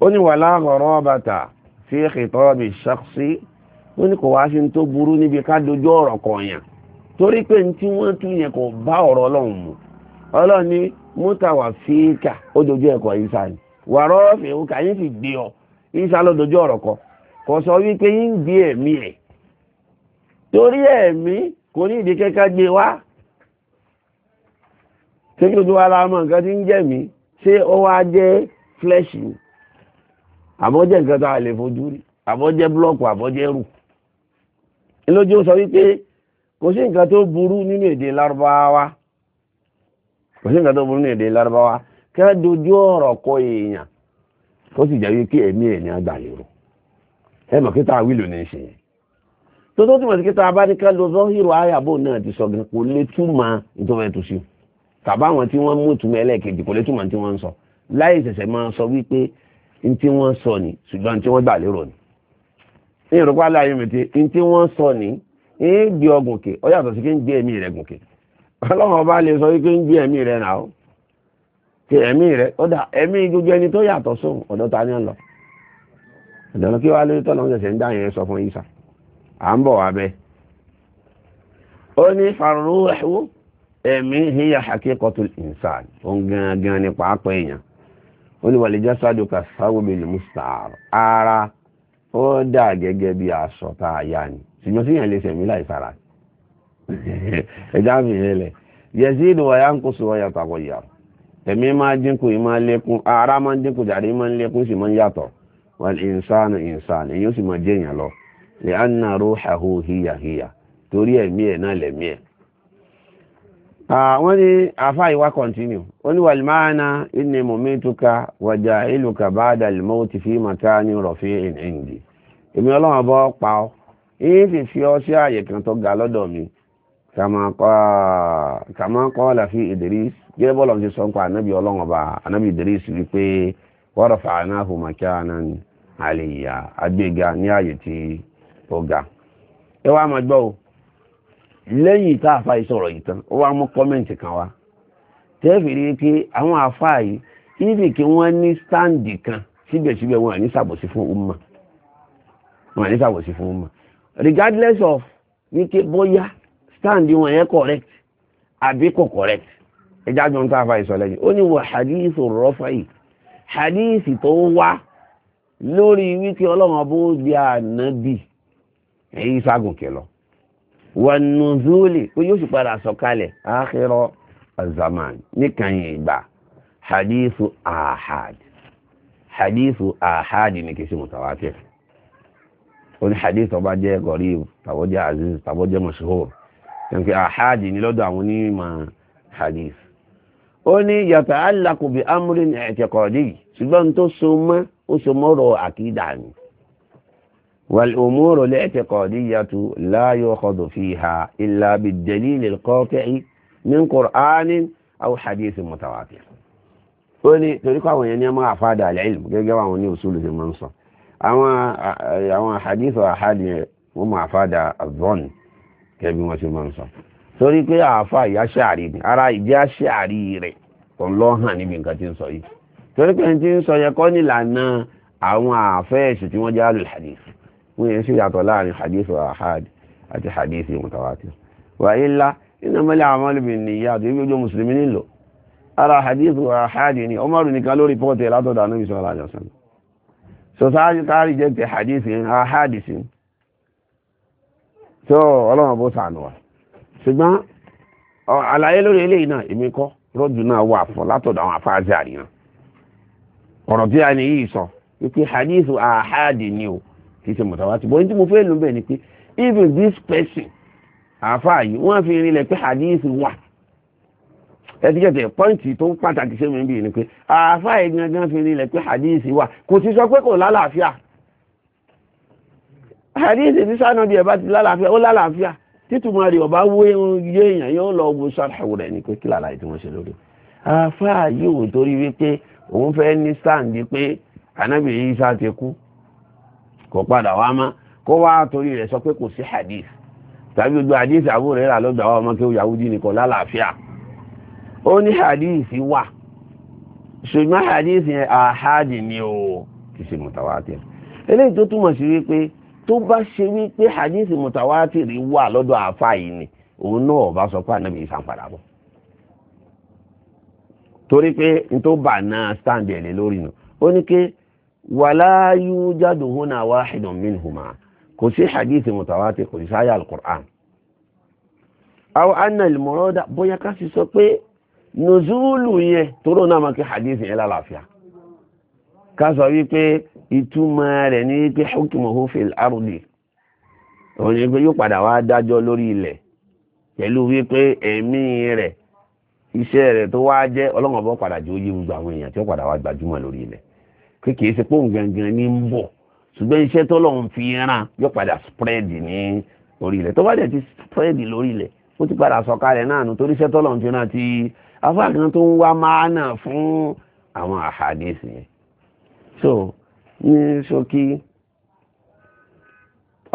ó ní wà láhọ̀rọ̀ bàtà fi ìkìtọ́ bí ṣọ́ọ̀ṣì ó ní kò wá sí tó burú níbi ká dojú ọ̀rọ̀ kọ̀ọ̀yàn torí pé ní tí wọ́n tún yẹn kò bá ọ̀rọ̀ ọlọ́run mu ọlọ́run ní fíkà ó dojú ẹ̀kọ́ kò sọ wípé yín ń di ẹ̀mí ẹ̀ torí ẹ̀mí kò ní ìdí kẹ́kẹ́ gbé wá kéjì tó wá láàmọ́ nǹkan tí ń jẹ̀mí ṣé ó wá jẹ́ flesh ni àbọ́jẹ́ nǹkan tó a lè fojú rí àbọ́jẹ́ búlọ́ọ̀kù àbọ́jẹ́ rù ìlójú sọ wípé kò sí nǹkan tó burú nínú èdè lárúbáwá kò sí nǹkan tó burú nínú èdè lárúbáwá kẹ́ dojú ọ̀rọ̀ kọ èèyàn kó sì jẹ́ wípé ẹ̀mí ẹ̀ ní àgbà ẹmọ̀ kí tá a wílò ní ṣe tó tó túnmọ̀ sí kí tá a bá ní ká lọ zọ́hírò ayàbò náà ti sọ gan kò lè túmọ̀ ìtọ́fẹ́ tó sí tàbá àwọn tí wọ́n mú ìtumọ̀ ẹlẹ́ẹ̀kejì kò lè túmọ̀ tí wọ́n ń sọ láì ṣẹ̀ṣẹ̀ máa sọ wípé n tí wọ́n sọ ni ṣùgbọ́n tí wọ́n gbà lérò ni ní ìrọ̀pá láàyè mi ti n tí wọ́n sọ ni ń gbé ọgùnkè ó yàtọ̀ sí kí ń gbé ẹ̀mí rẹ̀ gùnkè ọlọ́run ọba lè sọ wípé ń gbé ẹ̀mí rẹ̀ náà ó ẹ̀mí rẹ̀ ó ẹ̀mí gbogbo ẹni tó yàtọ̀ sóhun ọ̀dọ̀ ta ni ó lọ ìdáná kí wàá lórí tọ́lọ́ ṣẹ̀ṣẹ̀ ń dá yẹn sọ fún ìsà à ń bọ̀ wá bẹ́ ó ní faruhu ẹ̀mí hiya haqiqatul insan ó ń gangan ní pàápàá èèyàn ó ní wal jasadu kathawbil musta'ar ara ó dà gẹ́gẹ́ bí aṣọ tá a yá ni ṣùgbọ́n sí yẹn lè ṣẹ̀mí láì sára mi yẹn lẹ̀ ẹ̀mí máa dínkù ìmọ̀ ara máa dínkù sì máa yàtọ̀ wal insanu insan èyí ó sì máa jẹ́ èèyàn lọ lè á nà ruhahu hiya hiya torí ẹ̀mí ẹ̀ náà lẹ̀mí ẹ̀. wọ́n ní afa ìwà continue wọ́n ní wàlmáàna inni mumituka wàjà ìlúkà ba'da al-mawti fi makani rafi'in indi èmi ọlọ́run bọ́ pa ọ́ èyí sì fi ọ́ sí ààyè kan tó ga lọ́dọ̀ mi kàmá kọ́ọ̀lá fi Idris gẹ́gẹ́ bọ́ọ̀lù ti sọ pé ànábì ọlọ́run ọba ànábì Idris wípé wa rafa'nahu makanan àlèyà agbéga ní ààyè tí ó ga ẹ wá máa gbọ́ o lẹ́yìn tá àfa yìí sọ̀rọ̀ yìí tán ó wá mú kọ́mẹ̀ǹtì kan wá tẹ́ẹ̀fìrí pé àwọn àfa yìí níbi kí wọ́n ní stáǹdì kan síbẹ̀síbẹ̀ wọn ní ṣàbòsí fún umma wọn ní ṣàbòsí fún umma regardless of wípé bóyá stáǹdì wọn yẹn correct àbí kò correct ẹjá jọ ń tá àfa yìí lẹ́yìn ó ní wọ hadith rọ́fà yìí hadith tó wá lórí wípé ọlọ́run bó gbé ànábì èyí ságùnkè lọ wà nùzúlì pé yóò sì padà sọ̀kalẹ̀ ákírọ azaman níkànnì ìgbà hadithu ahad hadithu ahad ní kìí sí mutawatir ó ní hadith tó bá jẹ́ gọ̀ríb tàbọ́jẹ́ aziz tàbọ́jẹ́ mashhur yànkí ahad ní lọ́dọ̀ àwọn onímọ̀ hadith ó ní yàtọ̀ alákùbí amúrin ẹ̀tẹ̀kọ̀dì ṣùgbọ́n tó so mọ́ ó so mọ́rọ̀ àkídà ni wal umuru al-i'tiqadiyyatu la yu'khadhu fiha illa bid-dalil al-qati' min qur'anin aw hadith mutawatir ó ní torí kọ́ àwọn yẹn ní ọmọ àfádà al-ilm gẹ́gẹ́ àwọn ní usulu fi mọ́ ń sọ àwọn hadith àhádì wọ́n mọ̀ àfádà az-zann kẹ́bí wọ́n ti mọ́ ń sọ torí pé àfá ìyá ṣáàrí ara ìjẹ́ ṣáàrí rẹ̀ kò lọ́hàn níbi nǹkan tí ń sọ yìí torí pé tí ń sọ yẹ kọ́ nílànà àwọn àfẹ́ẹ̀sì tí wọ́n jẹ́ alùhadith wọ́n yẹn sì yàtọ̀ láàrin hadith ahad àti hadith mutawatir wà ilá iná mẹ́lẹ̀ àwọn olùbìn ní ìyá àti ìgbẹ́jọ́ mùsùlùmí nílò ara hadith ahad ni Umaru nìkan lórí pọ́ọ̀tì látọ̀dọ̀ anábì sọ̀rọ̀ àjọsán so sáájú káàrí jẹ́ ti hadith ahad sí tó ọlọ́run bó sànù wa ṣùgbọ́n àlàyé lórí eléyìí náà èmi kọ́ rọ́jù náà wà fún látọ̀dọ̀ àwọn afáàzì àríyàn ọ̀rọ̀ tí a ní yìí sọ wípé hadithu ahadi ni o kì í ṣe mutawatir bọ́ tí mo fẹ́ lò bẹ́ẹ̀ ni pé even this person àáfàá yìí wọ́n fi rinlẹ̀ pé hadithu wà ẹtìkẹtẹ pọ́ǹtì tó pàtàkì ṣe mìíràn bíi ni pé àáfàá yìí gangan fi rinlẹ̀ pé hadithu wà kò ti sọ pé kò lálàáfíà hadithu ti sáà bí ẹ bá ti lálàáfíà ó lálàáfíà títúmọ̀ rẹ̀ ọba wó yéèyàn yóò lọ wo sáré rẹ̀ ni pé kí lálàá tí wọ́n ṣe lórí àáfàá yìí ò torí wípé òun fẹ́ ní sáǹdì pé anábì Ìsá ti kú kò padà wá mọ́ kó wá torí rẹ̀ sọ pé kò sí hadith tàbí gbogbo hadith Abu Hurairah ló gbà wá ọmọ kí ó Yahudi O ni ó ní hadith wà ṣùgbọ́n hadith yẹn àhádì ni ó ti ṣe mutawatir eléyìí tó túmọ̀ sí wípé tó bá ṣe wípé hadith mutawatir wà lọ́dọ̀ àfáà yìí ni òun náà bá sọ pé anábì Ìsá padà bọ̀ torí pé n tó bà náà stand ẹ̀ lé lórí nù ó ní pé wàlá yujadu huna wahidun minhuma kò sí hadith mutawatir kò sí sáyà alukur'an àwọn anna ilmọ̀rọ́dá bóyá ká sì sọ pé nùzúlù yẹn tóró náà máa kí hadith yẹn lálàáfíà ká sọ wípé ìtumọ̀ rẹ̀ ní wípé hukmuhu fil ardi òun pé yóò padà wá dájọ́ lórí ilẹ̀ pẹ̀lú wípé ẹ̀mí rẹ̀ iṣẹ́ rẹ̀ tó wá jẹ́ ọlọ́run ọba padà jẹ́ oyé gbogbo àwọn èèyàn tí ó padà wá gbajúmọ̀ lórí ilẹ̀ kékeré ṣe pòun gangan ní ń bọ̀ ṣùgbọ́n iṣẹ́ tọ́lọ́run fi rán yóò padà spread ní orí ilẹ̀ tó bá dẹ̀ ti spread lórí ilẹ̀ ó ti padà sọ̀kalẹ̀ náà nù torí iṣẹ́ tọ́lọ́run fi rán ti afáàkan tó ń wá máa nà fún àwọn àhàdísì yẹn so ní ṣókí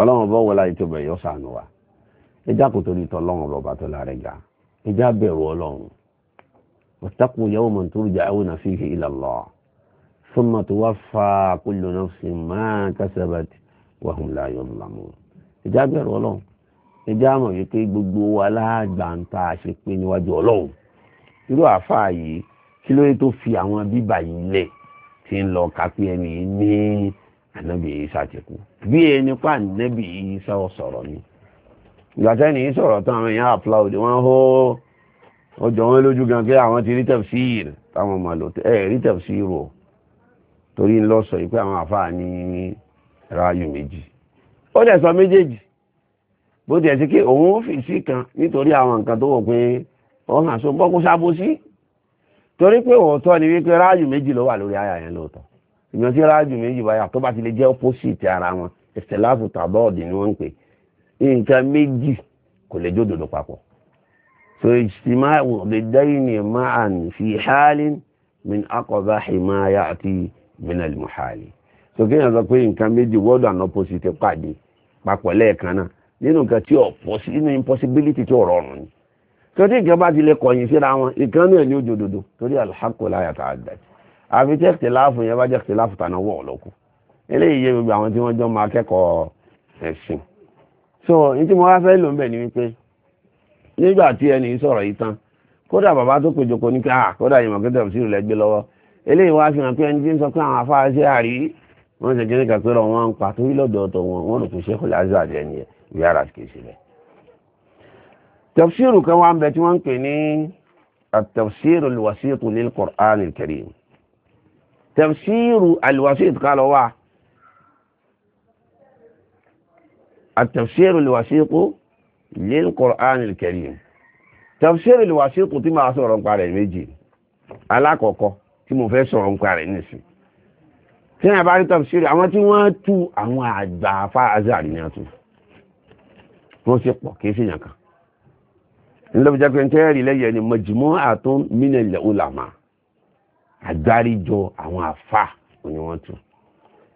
ọlọ́run ọba wọlá ètò ìbẹ̀yọ́ sànù wa ẹjá kò torí tọ́lọ́run ọba tó lára ga ẹjá bẹ̀rù ọlọ́run واتقوا يوما ترجعون فيه إلى الله ثم توفى كل نفس ما كسبت وهم لا يظلمون ìjà bẹ̀rù ọlọ́run ìjà mọ̀ wípé gbogbo wa láàgbàǹta àṣepé níwájú ọlọ́run irú àáfàá yìí kí ló dé tó fi àwọn bíbà yìí lẹ̀ tí ń lọ kápẹ́ ẹni ní ànábì Ìsá ti kú bí ẹni pa ànábì Ìsá sọ̀rọ̀ ni ìgbà tẹ́ni sọ̀rọ̀ tán àwọn èèyàn àpláòdì wọ́n hó wọ́n jọ lójú gan pé àwọn ti rí tẹ̀fsíìrì táwọn máa lò ẹ̀ rí tẹ̀fsíìrì o torí ń lọ sọ yìí pé àwọn àfáà ní ráàyò méjì ó dẹ̀ sọ méjèèjì bó tiẹ̀ sí pé òun ó fèsì kan nítorí àwọn nǹkan tó wọ̀ pé wọ́n hàn so bọ́kú sábó sí torí pé òótọ́ ni wípé ráàyò méjì ló wà lórí àyà yẹn lóòótọ́ ìyàn tí ráàyò méjì báyà tó bá ti lè jẹ́ opposite ara wọn ìṣẹ̀láṣù tàbọ́ọ̀dì ni wọ́n ń pè nǹkan méjì kò lè jódòdò papọ̀ فاجتماع ضدين معا في حال من أقبح ما يأتي من المحال so kí èèyàn sọ pé nǹkan méjì world and opposite pàdé papọ̀ lẹ́ẹ̀kan náà nínú nǹkan tí ọ̀pọ̀ sí nínú impossibility tí ọ̀rọ̀ ọ̀run ni so tí nǹkan bá ti lè kọ̀yìn síra wọn ìkan náà ní ojú òdodo torí alhaqu la yata'addad àfi tí ẹ̀kìtìláàfù yẹn bá jẹ́ ẹ̀kìtìláàfù tàná wọ̀ ọ̀lọ́kù eléyìí yé gbogbo àwọn tí wọ́n jọ máa kẹ́kọ̀ọ́ ẹ̀sìn so ní tí mo wá fẹ́ lò ń bẹ̀ ni wípé nígbà tí ẹni sọ̀rọ̀ yìí tán kódà bàbá tó péjọ kò ní kí á ah, kódà ìmọ̀ kí tẹ̀sí rẹ̀ gbé lọ́wọ́ eléyìí wá fi hàn pé ẹni tí ń sọ pé àwọn afáàṣẹ àrí wọn ṣe kíní kan pé rọ wọn ń pa torí lọ́dọ̀ ọ̀tọ̀ wọn wọn rò pé ṣé kò láṣà jẹ ni yàrá kì í ṣe bẹ́ẹ̀. tafsiru kan wá ń bẹ tí wọ́n ń pè ní tafsiru alwasitu lil Qur'an al-Karim tafsiru ká lọ wá tafsiru alwasitu lil Qur'anil Karim tafsir al-wasiq tí máa sọ̀rọ̀ nípa rẹ̀ méjì alákọ̀ọ́kọ́ tí mo fẹ́ sọ̀rọ̀ nípa rẹ̀ nísìn tí a bá rí tafsir àwọn tí wọ́n tú àwọn àgbà afá azari ní àtú wọ́n sì pọ̀ kí síyàn kan ńlọ́bí jẹ́ pé ń tẹ́rì lẹ́yìn ẹni majmu'atun minal ulama àgbáríjọ àwọn afá òní wọ́n tú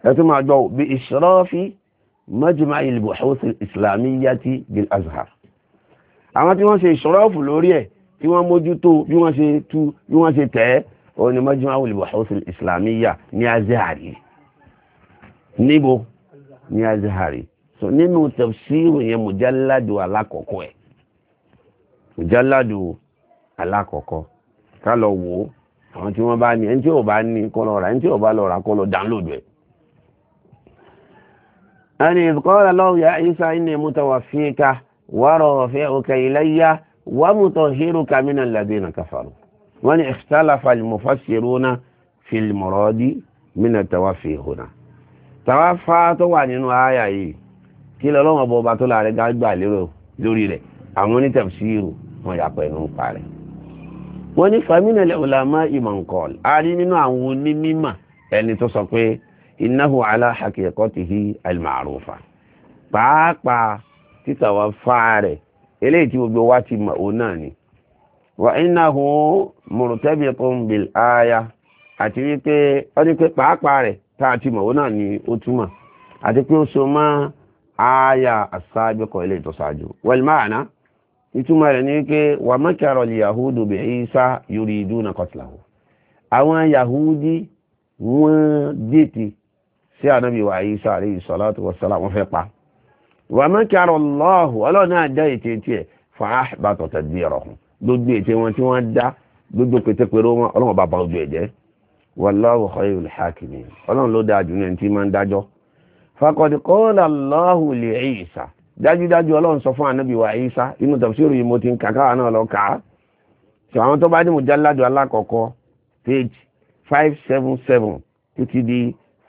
ẹ tún máa gbọ́ bí israfi majma' al-buhuth al-islamiyyah bil azhar àwọn tí wọ́n ṣe ìṣọ́rọ́fù lórí ẹ̀ tí wọ́n mójútó bí wọ́n ṣe tú bí wọ́n ṣe tẹ̀ ọ́ ní majma' al-buhuth al-islamiyyah ní azhari níbo ní azhari so nínú tafsiru yẹn mujalladu alákọ̀ọ́kọ́ ẹ̀ mujalladu alákọ̀ọ́kọ́ ká lọ wò ó àwọn tí wọ́n bá ní ẹni tí ò bá ní kọ́ lọ ẹni tí ò bá lọ kọ́ lọ dáńlódù ẹ̀ ẹni ìkọ́lá lọ́wọ́ ya isa inni mutawaffika wa rafi'uka ilayya wa mutahhiruka minal ladina kafaru wọ́n ni ikhtalafa al-mufassiruna fil muradi min at-tawaffi huna tàwáfà tó wà nínú àyà yìí kí lọ́lọ́wọ́ bọ́ bá tó láàrin gbàgbà lórí rẹ̀ àwọn onítafsiru wọn yàpọ̀ ẹnu ń parẹ́ wọ́n ní famina ulama man qala nínú àwọn onímímà ẹni tó sọ pé innahu ala haqiqatihi al-ma'rufa pàápàá títàwà fáà rẹ̀ eléyìí tí gbogbo wa ti mọ̀ òun náà ni wa innahu murtabiqun bil aya àti wípé ó ní pé pàápàá rẹ̀ tá a ti mọ̀ òun náà ni ó túmọ̀ àti pé ó so mọ́ aya as eléyìí tó ṣáájú wal ma'na ìtumọ̀ rẹ̀ ni wípé wa makara al-yahudu bi Isa yuriduna qatlahu àwọn yahudi wọ́n dìtì tí ànábì wa Ìsá alayhi salatu wassalam wọ́n fẹ́ pa wa makara Allahu ọlọ́run náà dá ètè tiẹ̀ fa ahbata tadbirahum gbogbo ètè wọn tí wọ́n dá gbogbo pétépéré wọn ọlọ́run bá ba ojú ẹ̀ jẹ́ wallahu khayrul hakimin ọlọ́run ló dáa jù ní ẹni tí máa ń dájọ́ faqad qala Allahu page five seven seven títí di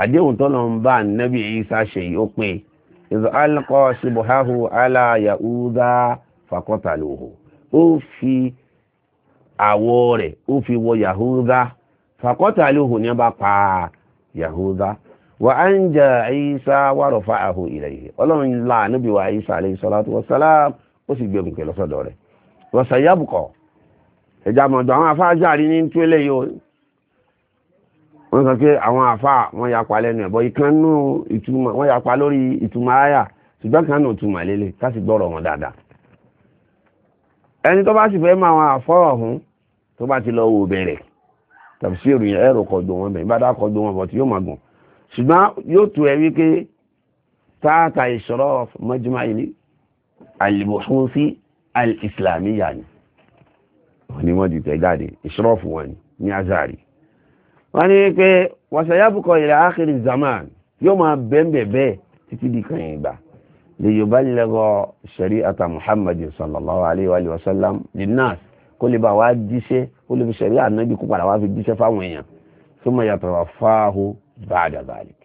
àdéhùn tọ́nà ń bá nẹ́bí Ìsá ṣe yìí ìzọ alkọ ṣubuhahu ala yahuda fakọtàlóhù ó fi àwọ̀ rẹ̀ ó fi wọ yahuda fakọtàlóhù ní bá pa yahuda wa an jẹ Ìsá wàrọ̀fà àhù ilayhi ọlọ́run la níbi wa Ìsá alayhi salatu wasalam ó sì gbé gùnkè lọ́sọ̀dọ̀ rẹ̀ wọ́n sàyẹ́bùkọ̀ ẹ̀já mọ̀dọ̀ àwọn ní tó wọ́n sọ pé àwọn àfà wọ́n yapa lẹ́nu ẹ̀bọ ìkànnù ìtumọ̀ wọ́n yapa lórí ìtumọ̀ àyà ṣùgbọ́n kan náà túmọ̀ lélẹ̀ ká sì gbọ́rọ̀ wọn dáadáa ẹni tó bá sì fẹ́ máa wọn àfọ́ ọ̀hún tó bá ti lọ wò bẹ̀rẹ̀ tàbí sí ìròyìn ẹ̀rọ kọjú wọn bẹ̀rẹ̀ ìbádá kọjú wọn bọ̀ tí yóò máa gùn ṣùgbọ́n yóò tu ẹ wípé táàtà ìṣòro mọ́júmá ni wọ́n ni wọ́n ti tẹ̀ jáde ni ní wọ́n ní pé wàṣàyàbùkọ ila akhiri zaman yóò máa bẹ́ẹ̀ bẹ́ẹ̀ títí di kan ìgbà lè yorùbá lẹ́gọ́ shari'ata Muhammad sallallahu alayhi wa sallam di nas kó lè bá wá jíṣẹ́ kó lè fi sharia ànábì kó padà wá fi jíṣẹ́ fáwọn èèyàn thumma yatawaffahu ba'da dhalik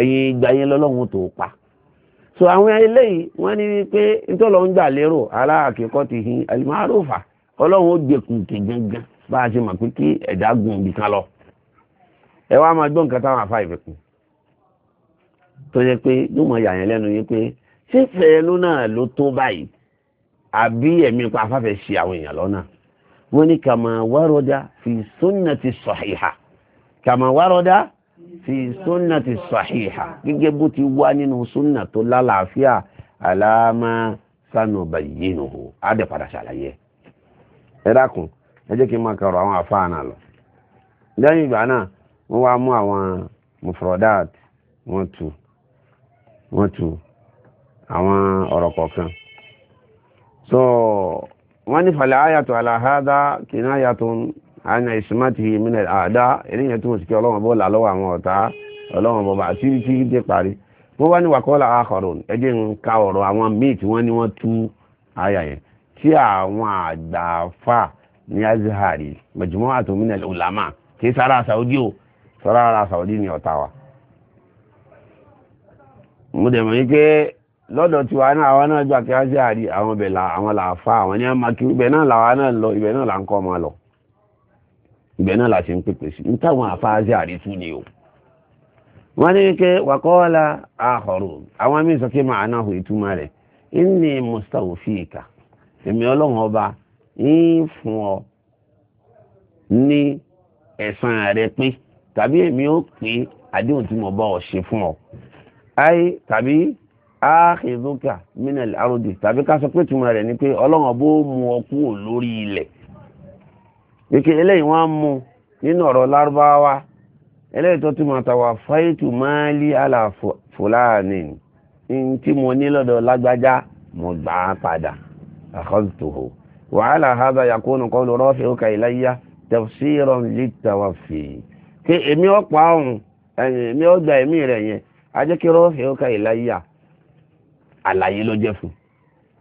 ẹ̀yìn ìgbà yẹn lọ́lọ́run tó pa so àwọn eléyìí wọ́n ní wípé ntọ́lọ́ ń gbà lérò ala haqiqatihi al-ma'rufa ọlọ́run ó gbẹ̀kùn kì ẹ wá máa gbọ́ nǹkan táwọn àfáà ìfikún tó yẹ pé ló mọ yàyàn lẹ́nu yìí pé ṣé fẹ́ẹ́lú náà ló tó báyìí àbí ẹ̀mí pa afáfẹ́ ṣe àwọn èèyàn lọ́nà wọ́n ní kàmá wárọ́dá fi sunnati sahiha kàmá wárọ́dá fi sunnati sahiha gẹ́gẹ́ bó ti wá nínú súnà tó lálàáfíà aláàmà sanuba yìnyínhu adé padà ṣàlàyé ẹ dákun ẹ jẹ́ kí n máa kọrọ àwọn àfáà náà lọ lẹ́yìn ìgbà náà wọ́n wá mú àwọn mufrodat wọ́n tú wọ́n tú àwọn ọ̀rọ̀ kọ̀ọ̀kan so wọ́n ní falẹ̀ ayàtọ̀ aláhádá kìnnà ayàtọ̀ àyànà ìsúmátì ìmìnà àdá eléyìn tó wọ́n sì kí ọlọ́wọ́n bó là lọ́wọ́ àwọn ọ̀tá ọlọ́wọ́n bọ̀bà tí tí dé parí wọ́n wá ní wàkọ́lá àkọ̀rọ̀ ẹjẹ́ ń ka ọ̀rọ̀ àwọn míì tí wọ́n ní wọ́n tú ayà yẹn tí àwọn àgbààfà ní azihari majmu'atu min al kì í sára saudi o sọ́ra ara Saudi ni ọ̀tá wa mo dẹ̀ mọ̀ yí pé lọ́dọ̀ tiwa náà àwọn náà gbà kí á sí àrí àwọn ibẹ̀ là àwọn là fa àwọn ní àmà kí ibẹ̀ náà làwa náà lọ ibẹ̀ náà là ń kọ́ ọmọ lọ ibẹ̀ náà là ṣe ń pèpè sí nítawọn àfa sí àrí tún ni o wọ́n ní wípé wàkọ́ọ́lá àhọ̀rọ̀ àwọn mí sọ pé máa náà hù ìtumọ̀ rẹ̀ inni mustawo fíìkà èmi ọlọ́run ọba ń fún ọ ní ẹ̀san rẹ pín tàbí èmi ó pé àdéhùn tí mo bá ọ ṣe fún ọ ayé tàbí áàkìdúkà mínàlì àròdì tàbí ká sọ pé túmọ̀ rẹ̀ ni pé ọlọ́run bó mu ọ kúrò lórí ilẹ̀ kékeré eléyìí wọ́n á mú nínú ọ̀rọ̀ lárúbáwá eléyìí tó túmọ̀ àtàwà fáìtù máàlì àlà fúlàní tí mo ní lọ́dọ̀ lágbájá mo gbà á padà àkọ́sùtòhò wàhálà hádà yakúnù kọ́ lọ́rọ́ fi ó ka ìláyà tafsiran lítàwáfì. ke èmi ọ̀pá ọ̀hún ẹ̀yìn èmi ọ̀gbà ẹ̀mí rẹ̀ yẹn ajẹ́kẹ́rọ́ ẹ̀ọ́ka ìláyà àlàyé ló jẹ́ fún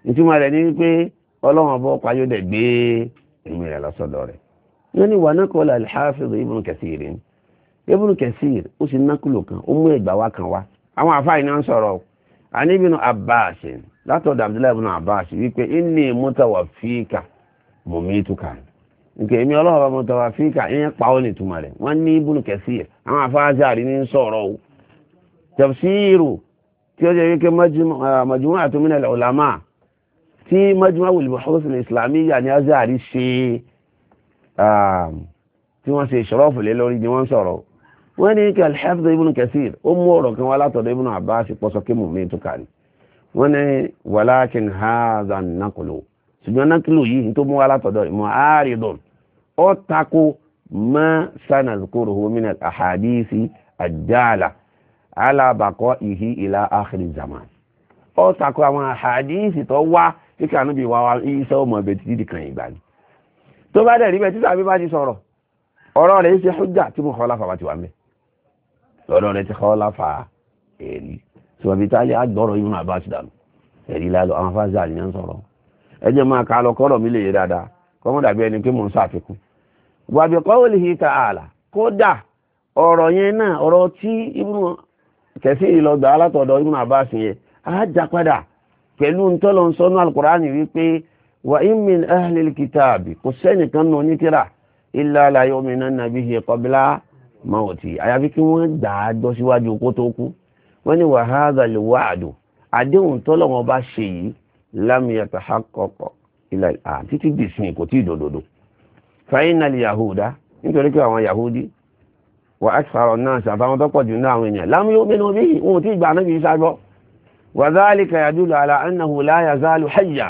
ìtumọ̀ rẹ̀ ní pé ọlọ́run ọba ọ̀pá yóò dẹ̀ gbé ẹ̀mí rẹ̀ lọ́sọ̀dọ̀ rẹ̀ wọ́n ní wà Ibn Ibn kan ó mú wá kan wá àwọn àní Ibn Abbas látọ̀dọ̀ Abdullahi Ibn Abbas wípé nke mi ọlọ́wọ́ bá mo tọ́ àfíríkà ìyẹn pa ọ́ ní ìtumọ̀ rẹ̀ wọ́n ní ibùnú kẹsí ẹ̀ àwọn afáàzì àrí ní sọ̀rọ̀ o tafsiru tí ó jẹ́ wípé majmu'a min al-ulama tí majmu'a al-buhuth al-islamiyya ní azari ṣe tí wọ́n ṣe ìṣọ́rọ́fù lé lórí ni wọ́n sọ̀rọ̀ wọ́n ní kí al-hafidh ibùnú kẹsí ó mú ọ̀rọ̀ kan wá látọ̀dọ̀ ibùnú abbas pọ́sọ kí mùmí tó kárí wọ́n ní walakin hadha an-naqlu ṣùgbọ́n nákìlù yìí tó mú wá látọ̀dọ̀ ìmọ̀ àárídùn ó tako ma sanazkuru hominal ahadisi àjáàlà alábàkọ́ ìhí ìlà áhìrì zaman ó tako àwọn ahadisi tó wá kíkà níbi wà wá iṣẹ́ ọmọ ẹ̀bẹ̀ títí di kan ìgbà ni tó bá dẹ̀ rí bẹ́ẹ̀ títà bí bá ti sọ̀rọ̀ ọ̀rọ̀ rẹ̀ ṣe hujja tí mo khalafa bá ti wà mẹ́ lọ́dọ̀ rẹ̀ ti khalafa èrí sọ̀rọ̀ bí táyé àgbọ̀rọ̀ Ibn Abbas dànù èrí lálọ́ àwọn fásitì àníyàn sọ̀rọ̀ ẹjẹ́ máa kà á lọ kọ́rọ̀ mi lè yé dáadáa kọ́mọ́dàbí ẹni pé mò ń ṣàfikún wàbí qawlihi ta'ala kódà ọ̀rọ̀ yẹn náà ọ̀rọ̀ tí ibùn kẹsí ìlọgbà alátọ̀dọ̀ ibùn Abbas yẹn á já padà pẹ̀lú ntọ́lọ́nsọ́nù alukur'ani wípé wa in min ahlil kitaabi kò sẹ́nìkan nù onítìrà illa la yu'minanna bihi qabla mawti àyàfi kí wọ́n gbà á jọ síwájú kó tó kú wọ́n ní wa hadha al-wa'du àdéhùn tọ́lọ́wọ́n bá ṣe yìí lam yatahaqqaq fainal yahuda nítorí pé àwọn yahudi wà áṣfàrọ̀ náà sàfàwọn tó pọ̀ jù ní àwọn èèyàn lámú yóò mẹ́nu bí wọn tí ìgbà náà bí sáàgbọ́ wàzálìkà yàdúlù àlà annahu láyàzálù hayya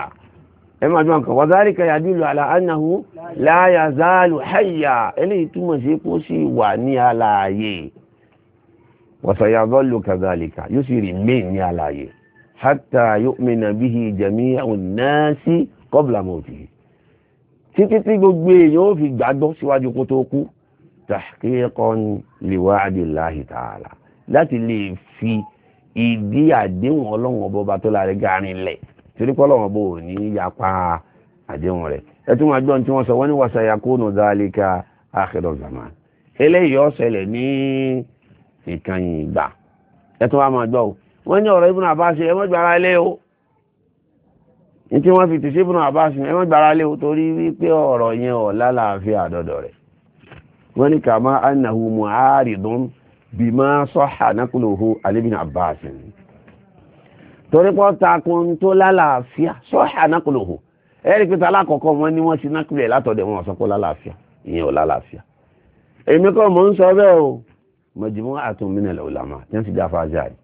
ẹ máa jọ nǹkan wàzálìkà yàdúlù àlà annahu láyàzálù hayya eléyìí túmọ̀ sí kó sì wà ní alààyè wàsàyàzọ́lù kàzálìkà yóò sì rí mẹ́ ní alààyè hatta yu'mina bihi jami'un nasi qabla mawtihi títí tí gbogbo èèyàn ó fi gbàgbọ́ síwájú kó tó kú tahqiqan li wa'dillahi ta'ala láti lè fi ìdí àdéhùn ọlọ́run ọba ọba tó láre gárin lẹ̀ torí pé ọlọ́run ọba ò ní yapa àdéhùn rẹ̀ ẹ tún máa gbọ́n tí wọ́n sọ wọ́n ní wa sayakunu dhalika akhira zaman eléyìí ó ní ìkànnì ìgbà ẹ tún wá máa gbọ́ wọ́n ní ọ̀rọ̀ Ibn Abbas ẹ mọ́gbàrá ilé o ní tí wọ́n fi tì sí ibùnà àbáṣin ẹ̀wọ́n gbára léwu torí wípé ọ̀rọ̀ yẹn ọ̀ lálàáfíà àdọ́dọ̀ rẹ̀ wọ́n ní kàmá annahu mu'aridun bima sahha naqluhu alibin abbasin torí pọ́ takun tó lálàáfíà sahha naqluhu ẹ̀rí pé alákọ̀ọ́kọ́ wọn ni wọ́n ṣe nákùlẹ̀ látọ̀dẹ̀ wọn sọ pé lálàáfíà ìyẹn ò lálàáfíà èmi kọ́ mọ̀ ń sọ bẹ́ẹ̀ o majmu'atun min al tí wọ́n ti dá fáájà rí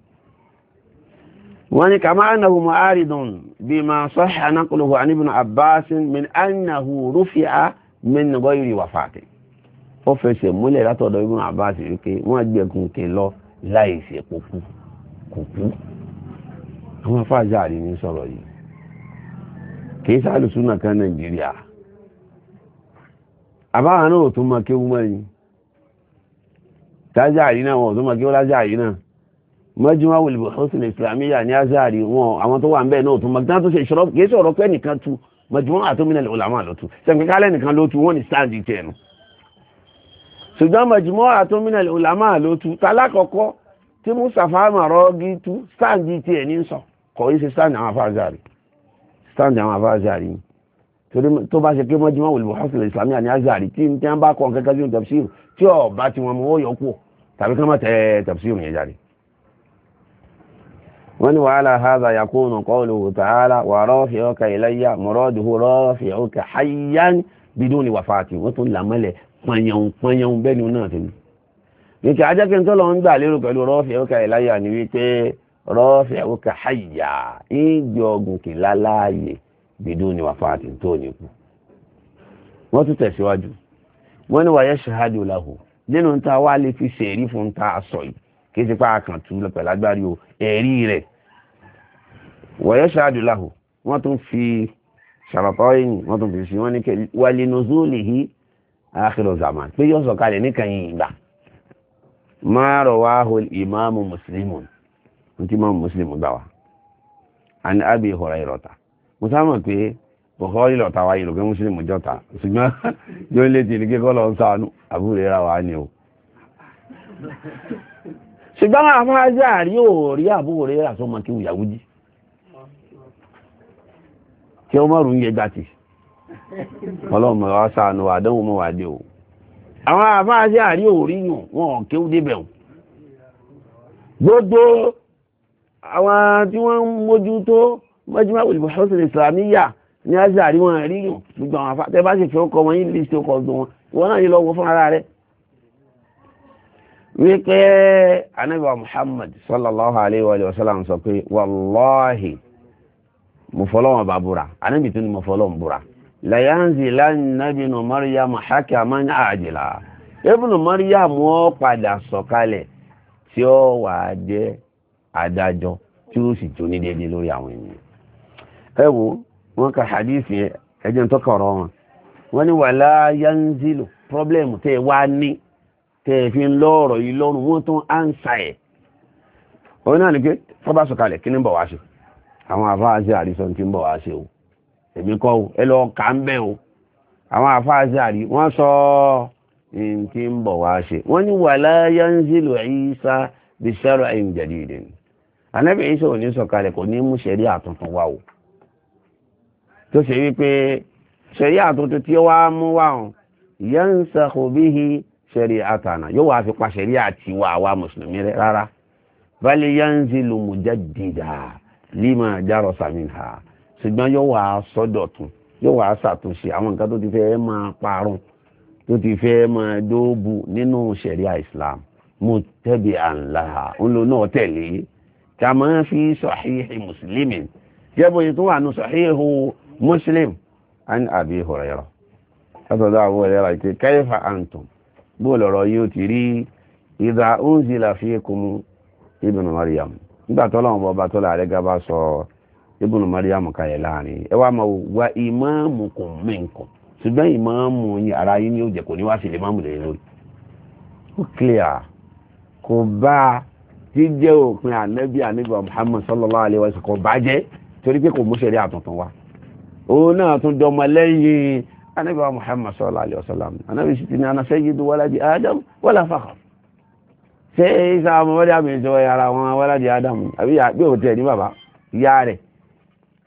wọ́n ní kàmá annahu mu'aridun bima sahha naqluhu an ibn abbas min annahu rufi'a min ghayri wafati ó fẹsẹ̀ múlẹ̀ látọ̀dọ̀ ibn abbas wípé wọ́n gbẹ̀gùn kè lọ láì ṣe kókú kókú àwọn afáàjà rí ní sọ̀rọ̀ yìí kìí sáàlù súnà kan nàìjíríà àbáwọn náà ò tún mọ kéwú mọ́ ni tájà rí náà wọn ò tún mọ kéwú lájà rí náà mọ́júmọ́ wòlùbọ̀ hosan islamiyya ní azari wọn àwọn tó wà ń bẹ́ẹ̀ náà tún magdán tó ṣe ìṣọ́rọ́ kìí sọ̀rọ̀ pé nìkan tu mọ́júmọ́ àtúmínà ulama ló tu sẹ́ǹkẹ́ kálẹ̀ nìkan ló tu wọ́n ní sáàdì tiẹ̀ nu. ṣùgbọ́n mọ́júmọ́ àtúmínà ulama ló tu tálákọ̀ọ́kọ́ tí mustapha marọ́gì tu sáàdì tiẹ̀ ní sọ kọ́ yìí ṣe sáàdì àwọn afáàzárì ni torí tó bá ṣe pé mọ́júmọ́ wòlùbọ̀ hosan islamiyya ní azari tí n tẹ́ ń bá kọ́ kẹ́kẹ́ sí tafsir tí ọ̀ bá ti wọn mọ́ yọkù tàbí kí wọ́n má tẹ wani wa'ala haza ya kunu qawluhu ta'ala wa rafi'uka ilayya muraduhu rafi'uka hayyan biduni wafati wọ́n tún làmọ́lẹ̀ pọnyanwó pọnyanwó bẹ́ẹ̀ wọn náà ti ní. nke ajákin tó lọ ń gbà lérò pẹ̀lú ilayya ni wípé rafi'uka hayya ìgbì ọgùn wafati tó ní kú. wọ́n tún tẹ̀síwájú wọ́n nínú ta fi ṣèrí fún ta kì ti pa àkàntú pẹ̀lú agbárí o ẹ̀rí rẹ̀ wọ̀yẹ́ ṣáàdù láhù wọ́n tún fi ṣàrọ̀kọ́ yìí wọ́n tún fi sí wọ́n ní kẹ́ wàlẹ̀ nùzúlì yìí àkìrò zaman pé yóò sọ̀kalẹ̀ níkànnì ìgbà máa rọ̀ wá hol ìmáàmù mùsùlùmù ní tí máàmù mùsùlùmù gbà wá àni àbí ìhọ̀rọ̀ ìrọ̀ta mo sáà mọ̀ pé bùkọ́rí lọ̀ta wáyé lògbé mùsùlùmù jọta ṣùgbọ́n yóò lè ti ní kíkọ́ lọ sánú àbúrò ra wa ni o ṣùgbọ́n àfáàjà rí òòrí àbúrò rẹ̀ àtọ́ mọ́ kí wù yàwújí tí ó mọ́rún yẹ gbàtì ọlọ́mọ ọ̀sánù àdánwò mọ́ wà dé o àwọn àfáàjà rí òòrí yùn wọn kí ó débẹ̀ o gbogbo àwọn tí wọ́n ń mójútó mọ́júmọ́ òyìnbó ṣọ́sìn ìsìlámíyà ní àjà rí wọn rí yùn gbogbo àwọn àfáàjà bá sì fi ọkọ̀ wọn yìí lè ṣe ọkọ̀ ọdún wọn ìwọ náà yìí lọ wọ fún ara rẹ̀ wípé anábíwá muhammad sallallahu alaihi wa sallam sọ pé wàláhì mọ̀fọ́lọ́wọ̀n bá búra anábì tún mọ̀fọ́lọ́wọ̀n búra layanzi lánàbínú maryam hakaman àjìlá ibùnú maryam ó padà sọ̀kalẹ̀ tí ó wà dé adájọ́ tí ó sì tó ní lórí àwọn ènìyàn ẹ wo wọn ka hadith yẹn ẹjẹ tẹ́ẹ̀fí ń lọ́ọ̀rọ̀ yìí lọ́rùn wọ́n tún ánsà ẹ̀ òun náà ni pé tọ́bá sọ̀kalẹ̀ kí ní bọ̀ wá ṣe àwọn àfáàṣẹ àrísọ tí ń bọ̀ wá ṣe o èmi kọ́ o ẹ lọ kà ń bẹ́ o àwọn àfáàṣẹ àrí wọ́n sọ tí ń bọ̀ wá ṣe wọ́n ní wala yanzilu Isa bi shar'in jadidin ànábì Isa ò ní sọ̀kalẹ̀ kò ní mú ṣẹ̀rí àtuntun wá o tó ṣẹ́rí àtànà yóò wá fi pa ṣẹ̀rí àti wà wá mùsùlùmí rẹ̀ rárá bali yanzilu mujaddida lima jarasa minha ṣùgbọ́n yóò wá sọ́dọ̀tún yóò wá ṣàtúnṣe àwọn nǹkan tó ti fẹ́ máa parun tó ti fẹ́ máa dóòbù nínú ṣẹ̀ríà islam muttabi'an laha ń lo náà tẹ̀lé kama fi sahihi muslimin jẹ́bọ̀ yìí tó wà ní sahihu muslim an abi hurairah látọ̀dọ̀ àbúrò rẹ̀ rà bó lọ̀rọ̀ yóò ti rí ìdá ounzila fi ibùnú mariam nígbà tó tó láàrẹ́ gaba sọ ibùnú Maryam kalẹ̀ láàrin ẹ wá máa wá ìmáàmù kùn mẹ́ǹkùn ṣùgbọ́n ìmáàmù yín ara yín ni ó kò ní wá sí lè máàmù lè lórí ó clear kò bá jíjẹ́ òpin ànẹ́bí ànẹ́bí Muhammad sallallahu alaihi wasallam kò bá jẹ́ torí pé kò mú wa òun náà tún lẹ́yìn Ànábì wa Muhammad sallallahu alaihi wasallam Ànábì sì ti ní ana sayyidu waladi Adam wala fakhar ṣé isa ọmọ wọlé àmì ìjọ ara wọn waladi Adam àbí bí ò tẹ̀ ní bàbá ìyá rẹ̀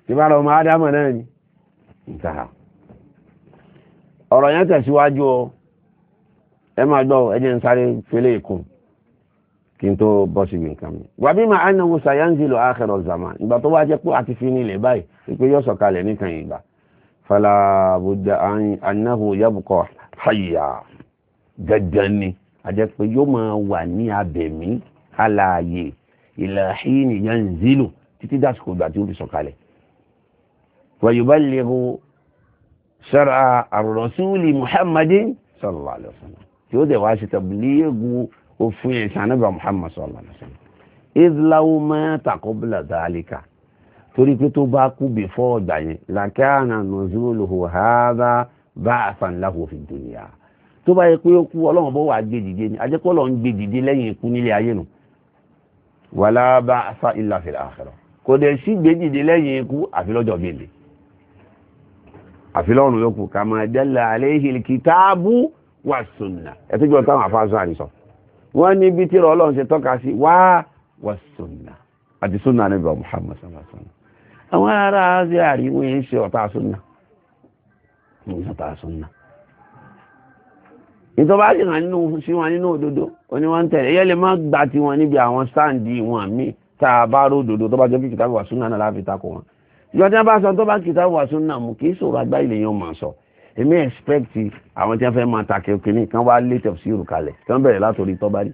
tí bá lọ ọmọ Adam náà ni ìtara ọ̀rọ̀ yẹn tẹ̀síwájú ọ ẹ máa gbọ́ ẹjẹ́ ń sáré fẹ́lẹ́ ìkún kí n tó bọ́ sí ibi nǹkan mi. wà bí màá náwó sayanzi lọ àkẹrọ zàmà ìgbà tó wá jẹ́ pé a ti fi nílẹ̀ báyìí pé yóò sọ̀kalẹ̀ nìkan ìgbà fala budda annahu yabqa hayya dandan ni àjẹ́ pé yóò máa wà ní abẹ̀mí alààyè ìlàhíìnì yanzilu títí dásìkò ìgbà tí ó fi sọ̀kalẹ̀ wa yuballighu shar'a ar-rasuli muhammadin sallallahu alaihi wasallam tí ó dẹ̀ wá ṣe tabligu òfin ẹ̀sán náà bá muhammad sallallahu alaihi wasallam idh law mata qabla dhalika torí pé tó bá kú before ọ̀gbà yẹn làkàna nuzuluhu hadha ba'san lahu fi dunya tó bá yẹ pé ó kú ọlọ́run bó wà gbé dìde ni ajẹ́kọ́ lọ́n gbé dìde lẹ́yìn ikú nílé ayé nù wàlá ba'sa illa fil akhirah kò dẹ̀ sí gbé dìde lẹ́yìn ikú àfi lọ́jọ́ gbèlè àfi lọ́run ló kù kama dalla alayhi al-kitabu wa sunna ẹ̀ tó jọ táwọn afáàsọ àrísọ wọ́n ní bí tí ọlọ́run ṣe tọ́ka sí wá wa sunna àti sunna níbi Muhammad sallallahu alaihi wasallam àwọn ará azẹ́ àríwọ̀ yẹn ṣe ọ̀tá súnnà ọ̀tá súnnà ìtọ́bá sì hàn nínú sí wọn nínú òdodo oní wọ́n tẹ̀lé yẹ́ lè má gbà tí wọ́n níbi àwọn sáǹdì wọn mí tá a bá ró òdodo tó bá jẹ́ bí kìtàbù wà súnnà náà láfi takò wọn ìjọ tí wọ́n bá sọ tó bá kìtàbù wà súnnà mú kì í sọ̀rọ̀ àgbá ilé yẹn máa sọ èmi expect àwọn tí wọ́n fẹ́ máa takẹ́ òkè ní kan wá lé tẹ̀síìrù kalẹ̀ tí wọ́n bẹ̀rẹ̀ látòrí tọ́bárí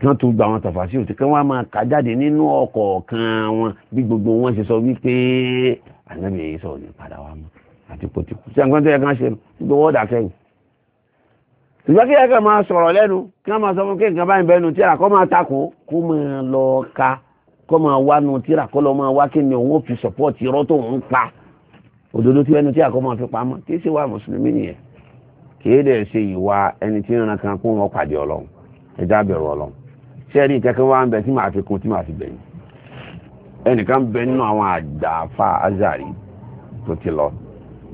kan tó gba àwọn tàfàṣì òtí kí wọ́n máa kà jáde nínú ọ̀kọ̀ọ̀kan wọn bí gbogbo wọn ṣe sọ wípé ànábì èyí sọ̀rọ̀ ní padà wá mọ́ àti pòtìkù sí àgbọn tó yẹ kán ṣe gbogbo wọ́n dà kẹ́yìn. ṣùgbọ́n kí ẹ̀kẹ́ máa sọ̀rọ̀ lẹ́nu kí wọ́n máa sọ fún kí nǹkan báyìí bẹ́ẹ̀ nu tíra kó máa takò kó máa lọ ka kó máa wá nu tíra kó lọ máa wá kí ni òun ó fi sọ̀pọ̀tì irọ́ tó ń pa òdodo tí ẹnu tíra kó máa fi pamọ́ kì í ṣe wà mùsùlùmí nìyẹn kì í dẹ̀ ṣe ìwà ẹni tí ìrìnà kan ọlọ́run ṣẹ́rí kẹ́kẹ́ wá ń bẹ tí màá fi kún tí màá fi bẹ̀yìn ẹnìkan bẹ nínú àwọn àgbààfà azari tó ti lọ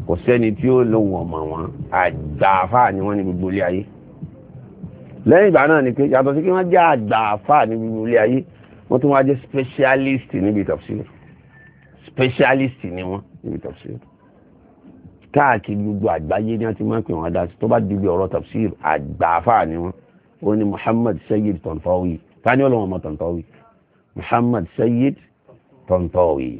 kò sẹ́ni tí ó lóun ọmọ wọn àgbààfà ni wọ́n ní gbogbo ilé ayé lẹ́yìn ìgbà náà ni pé yàtọ̀ sí kí wọ́n jẹ́ àgbààfà ní gbogbo ilé ayé wọ́n tún wá jẹ́ specialist níbi tafsir specialist ni wọ́n níbi tafsir káàkiri gbogbo àgbáyé ni wọ́n ti máa ń pè wọ́n dá sí tó bá dìbò ọ̀rọ̀ tafsir àgbààfà ni wọ́n ó ní Muhammad Sayyid Tanfawi tani ọlọ́wọ́n ọmọ Tantawi Muhammad Sayyid Tantawi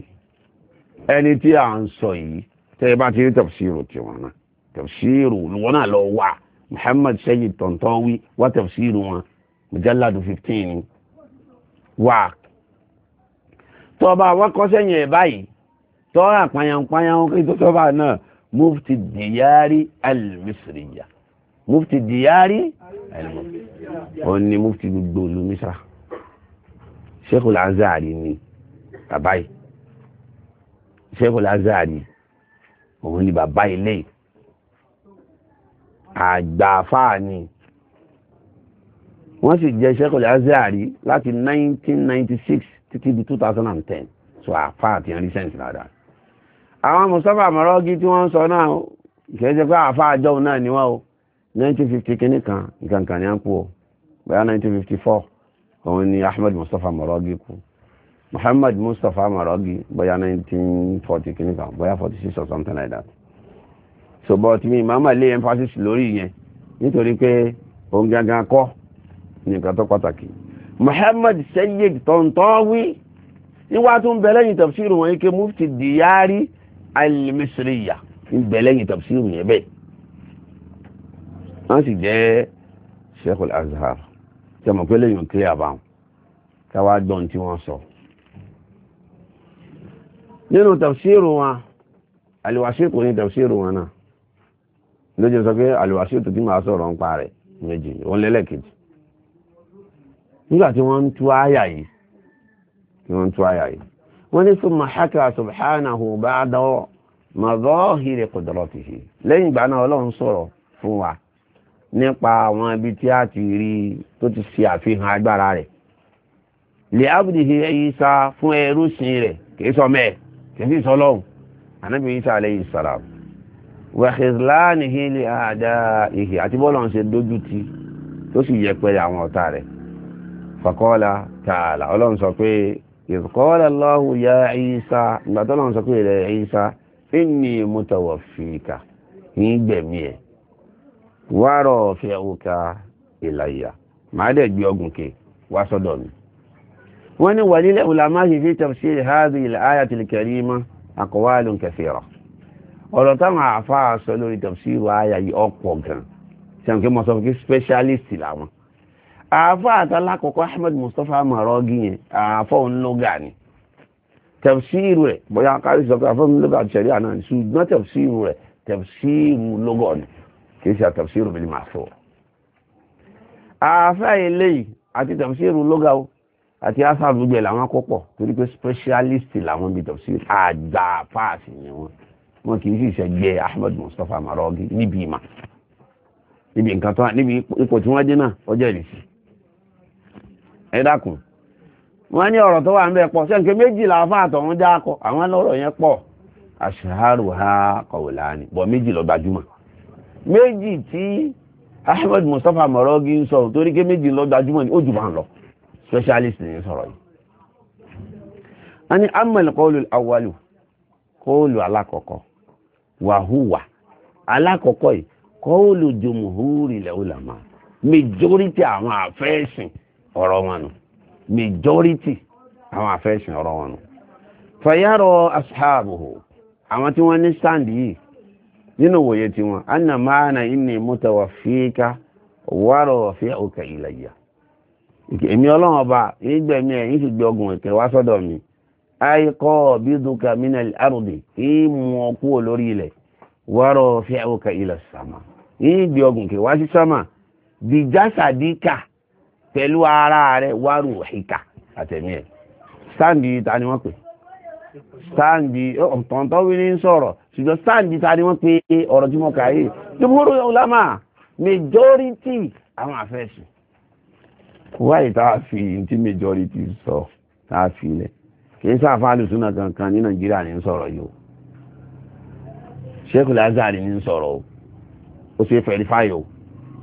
ẹni tí a ń sọ yìí tẹ́ ẹ bá ti rí tafsiru tiwọn náà tafsiru wọn náà lọ wà Muhammad Sayyid Tantawi wá tafsiru wọn mujalladu fifteen wà tọba awakọ́sẹ́ yẹn báyìí tọ́ àpáyànpáyàn kí tọ́ba náà mufti diyari al mufti diyari òun ni mufti gbogbo ìlú misra sheikhul azari ni bàbá yìí sheikhul azari òun ni bàbá ilé àgbàfáà ni wọ́n sì jẹ́ sheikhul azari láti 1996 títí di 2010 so àfáà ti rí sẹ́ǹsì dáadáa àwọn mustapha amarogi tí wọ́n ń sọ náà ìṣẹ́jẹ́ pé àfáà jọun náà ni wọ́n o 1950 kìíní kan nǹkan kan ní àpò bẹ́ẹ̀ 1954 òun ni Ahmed Mustapha Morogi kú Muhammad Mustapha Morogi bẹ́ẹ̀ 1940 kìíní kan bẹ́ẹ̀ 46 or something like that so but me, màmá lé emphasis lórí yẹn nítorí pé òun gangan kọ́ nǹkan tó pàtàkì Muhammad Sayyid Tantawi níwá tó ń bẹ lẹ́yìn tafsir wọn yìí mufti diyari al-Misriya ń bẹ lẹ́yìn tafsir yẹn bẹ́ẹ̀ wọ́n sì jẹ́ sheikul Azhar tí ọmọ pé lèyàn clear bound káwá gbọ́n tí wọ́n sọ nínú tafsiru wọn alìwàṣíkò ní tafsiru wọn náà lójú sọ pé alìwàṣíkò tí màá sọ̀rọ̀ ń pa rẹ̀ méjì òun lẹ́lẹ́kejì nígbà tí wọ́n ń tú àyà yìí tí wọ́n ń tú àyà yìí wọ́n ní haka subhanahu ba'da madahiri qudratihi lẹ́yìn ìgbà nípa àwọn ibi tí a ti rí tó ti ṣe àfihàn agbára rẹ̀ lè ábùdìhì Ìsá fún ẹrúsìn rẹ̀ kìí sọ mẹ́ẹ̀ kìí sì sọ lọ́hùn ànábì Ìsá alayhi salam wàhìláàníhì lè àdá ìhì àti bọ́ọ̀lù ọ̀hún ṣe dójú ti tó sì yẹpẹrẹ àwọn ọ̀tá rẹ̀ fàkọ́ọ́lá tààlà ọlọ́run sọ pé ìkọ́ọ́lá lọ́hùn ya Ìsá ìgbà tó sọ pé rẹ̀ Ìsá inni ẹ̀ wárọ̀ fi ẹ̀wùká ìlàyà máa dẹ̀ gbé ọgùn kè wá sọ́dọ̀ mi wọ́n ní wà nílẹ̀ ìlàmáyé fi tafsir hadhi al-ayati al-karima aqwalun kathira ọ̀rọ̀ táwọn àfáà sọ lórí tafsir àyà yìí ọ̀pọ̀ gan sẹ́wọ̀n kí mo sọ pé specialist làwọn àfáà àtàlákọ̀ọ́kọ́ Ahmed ni tafsir rẹ̀ bóyá kárí sọ pé àfọ́ ńlọ́gà rẹ̀ tafsir lọ́gọ̀ kìí ṣe àtàbṣírù bil ma'thur àáfà eléyìí àti tàbṣírù lóga o àti asa gbogbo ẹ̀ làwọn akọ́pọ̀ torí pé specialist làwọn bí tàbṣírù àgbà páàsì ni wọn wọn kìí sì ṣẹgbẹ́ Ahmed Mustapha Marogi níbi ìmà níbi nǹkan tó wà níbi ipò tí wọ́n dé náà ọjọ́ ìrìsì ẹ dákun wọ́n ní ọ̀rọ̀ tó wà ń bẹ pọ̀ ṣé nǹkan méjìlá fún àtọ̀hún dákọ̀ àwọn lọ́rọ̀ yẹn pọ̀ àṣàrò ha kọ̀wé láàánì bọ̀ méjì ló gbajúmọ̀ méjì tí Ahmed Mustapha Morogi ń sọ̀rọ̀ torí ké méjì lọ gbajúmọ̀ ní ojú ń lọ specialist ní awalu alákọ̀ọ́kọ́ Wahuwa alákọ̀ọ́kọ́ yìí Jomuhuri majority àwọn ọ̀rọ̀ wọn nù majority àwọn ọ̀rọ̀ wọn nù àwọn nínú òwòye tí wọn anna na inni mutawaffika wa rafi'uka ilayya èmi ọlọ́run ọba ìgbẹ̀mí ẹ̀ yìí sì gbé ọgùn ìkẹ́ wá sọ́dọ̀ mi àìkọ́ biduka kí mú ọ kúrò lórí ilẹ̀ wa ila sama ìgbé ọgùn kẹ́ wá sí sámà bìjásàdíkà pẹ̀lú ara rẹ̀ wárò ìkà àtẹ̀mí ẹ̀ sáǹdì ta ni wọ́n pè sáǹdì ọ̀tọ̀ntọ́ wí ní ṣùgbọ́n sáàdì ta ni wọ́n pe ọ̀rọ̀ tí mo kà yìí jùmúrù ọlámà majority àwọn àfẹ́sù wáyé tá a fi tí majority sọ tá a fi lẹ̀ kì í sáà fáàlù súnà kankan ní nàìjíríà ní sọ̀rọ̀ yìí o sheikh lazari ní sọ̀rọ̀ o ó ṣe fẹ̀rífáyì o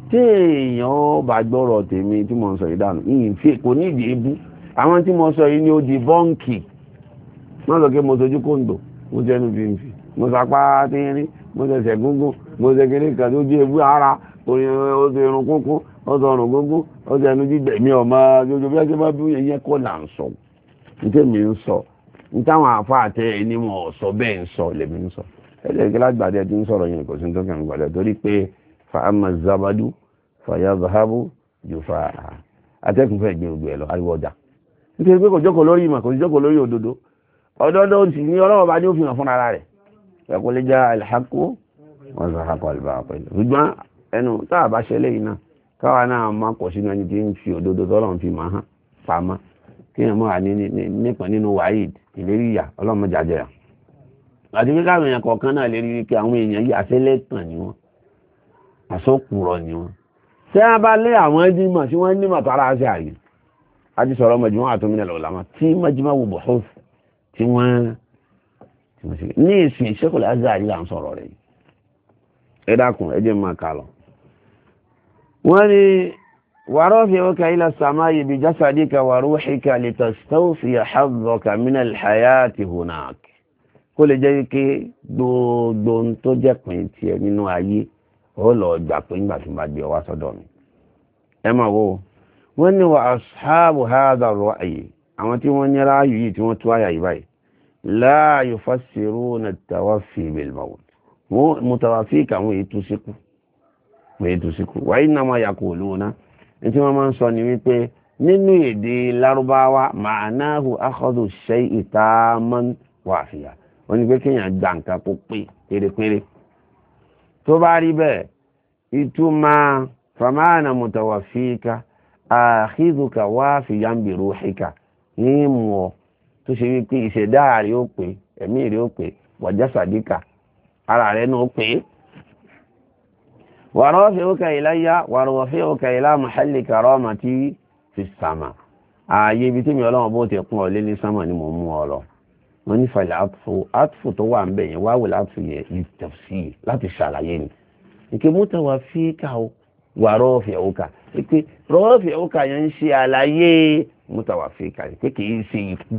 tí èèyàn bá gbọ́rọ̀ tèmi tí mo ń sọ yìí fi kò ní ìdí àwọn tí mo sọ yìí ni ó di bọ́ǹkì mo sapá tínrín mo ṣẹ̀ṣẹ̀ gúngún mo kan tó ewu ara orin irun kúnkún ó ṣe gúngún ó ẹnu jíjẹ mi jojo bí ẹṣẹ bá bí ìyẹn kọ́ là ń mi ń sọ nítawọn afọ àtẹ ẹni wọn ọ̀sọ́ bẹ́ẹ̀ ń sọ lèmi ń sọ ẹ̀jẹ̀ kí lágbàdẹ ti ń sọ̀rọ̀ yẹn kò sí tó kàn gbàdẹ torí pé fàámà zabadu ọdọọdọ òsì ẹ̀kọ́ lè já alhaqu wọ́n sọ àkọ́ al-batil ṣùgbọ́n ẹnu táà bá ṣẹlẹ̀ yìí náà káwa náà má kọ̀ sínú ẹni tí ń fi òdodo tọ́lọ́run fi máa hàn pamọ́ kí ẹ̀ mọ́ àní nípa nínú wáyìd ìlérí ìyà ọlọ́mọ jàjẹrà àti pé káwọn èèyàn kọ̀ọ̀kan náà lè rí wípé àwọn èèyàn yìí àṣẹlẹ̀tàn ni wọ́n àṣọkùrọ̀ ni wọ́n tí a bá lé àwọn ẹjí mọ̀ tí wọ́n ní mọ̀ tọ́ra ṣe àyè a ti sọ̀rọ̀ mọ̀jùmọ́ àtúnmílẹ̀ lọ́lọ́mọ́ ní ìsìn ìṣẹ́kùlẹ̀ azari là ń sọ̀rọ̀ rẹ̀ ẹ dákun ẹ jẹ́ máa kà lọ. wọ́n ní wàrọ́fẹ́ ọkà ilẹ̀ sàmá ibi jásàdí ka wà rúwẹ́ ká lè tàṣtàwùsì àhàbọ̀ kàmínà ìhàyà ti hunak kó lè jẹ́ wípé gbogbo ń tó jẹ́ pín tiẹ̀ nínú ayé ó lọ gbà pé ńgbà tí bá gbé ọ sọ́dọ̀ mi. ẹ máa wo wọ́n ní wà aṣáàbù hádà rọ̀ àyè àwọn tí wọ́n ní ráàyù yìí tí wọ́n tú àyà yìí báyìí la yufassiruna at-tawaffi bil-mawt mutawafika àwọn ètò síkú ètò síkú wa innama yaquluna tí wọ́n máa ń sọ ni wípé nínú èdè lárúbáwá ma'nahu akhadhu ash-shay'i tamman wàfíà wọ́n ní pé kéèyàn gba nǹkan kó pé pérépéré tó bá rí bẹ́ẹ̀ ìtumọ̀ famana mutawafika akhidhuka wàfíà bi ruhika ní mọ̀ tó ṣe wípé ìṣẹ̀dá rẹ̀ ó pé ẹ̀mí rẹ̀ ó pé wàjá sàdíkà ara rẹ̀ náà ó pé. wàrọ̀ fi òkè ìláyà wàrọ̀ fi òkè ìlà mọ̀hálì kàrọ̀ ọmọ tí fi sàmà ààyè ibi tí mi ọlọ́run bó ti pọ́n ọ ní sánmà ni mò ń mú ọ lọ wọ́n ní falẹ̀ àtúfò àtúfò tó wà ń bẹ̀ yẹn wáwò láti yẹ ìtẹ̀sí láti ṣàlàyé ni ìké mútà wà fí ká o wà rọ́ọ̀fì ẹ̀wọ́kà ìké rọ́ọ̀fì ẹ̀wọ́kà yẹn ń ṣe àlàyé mútà wà fí ká ìké kì í ṣe ikú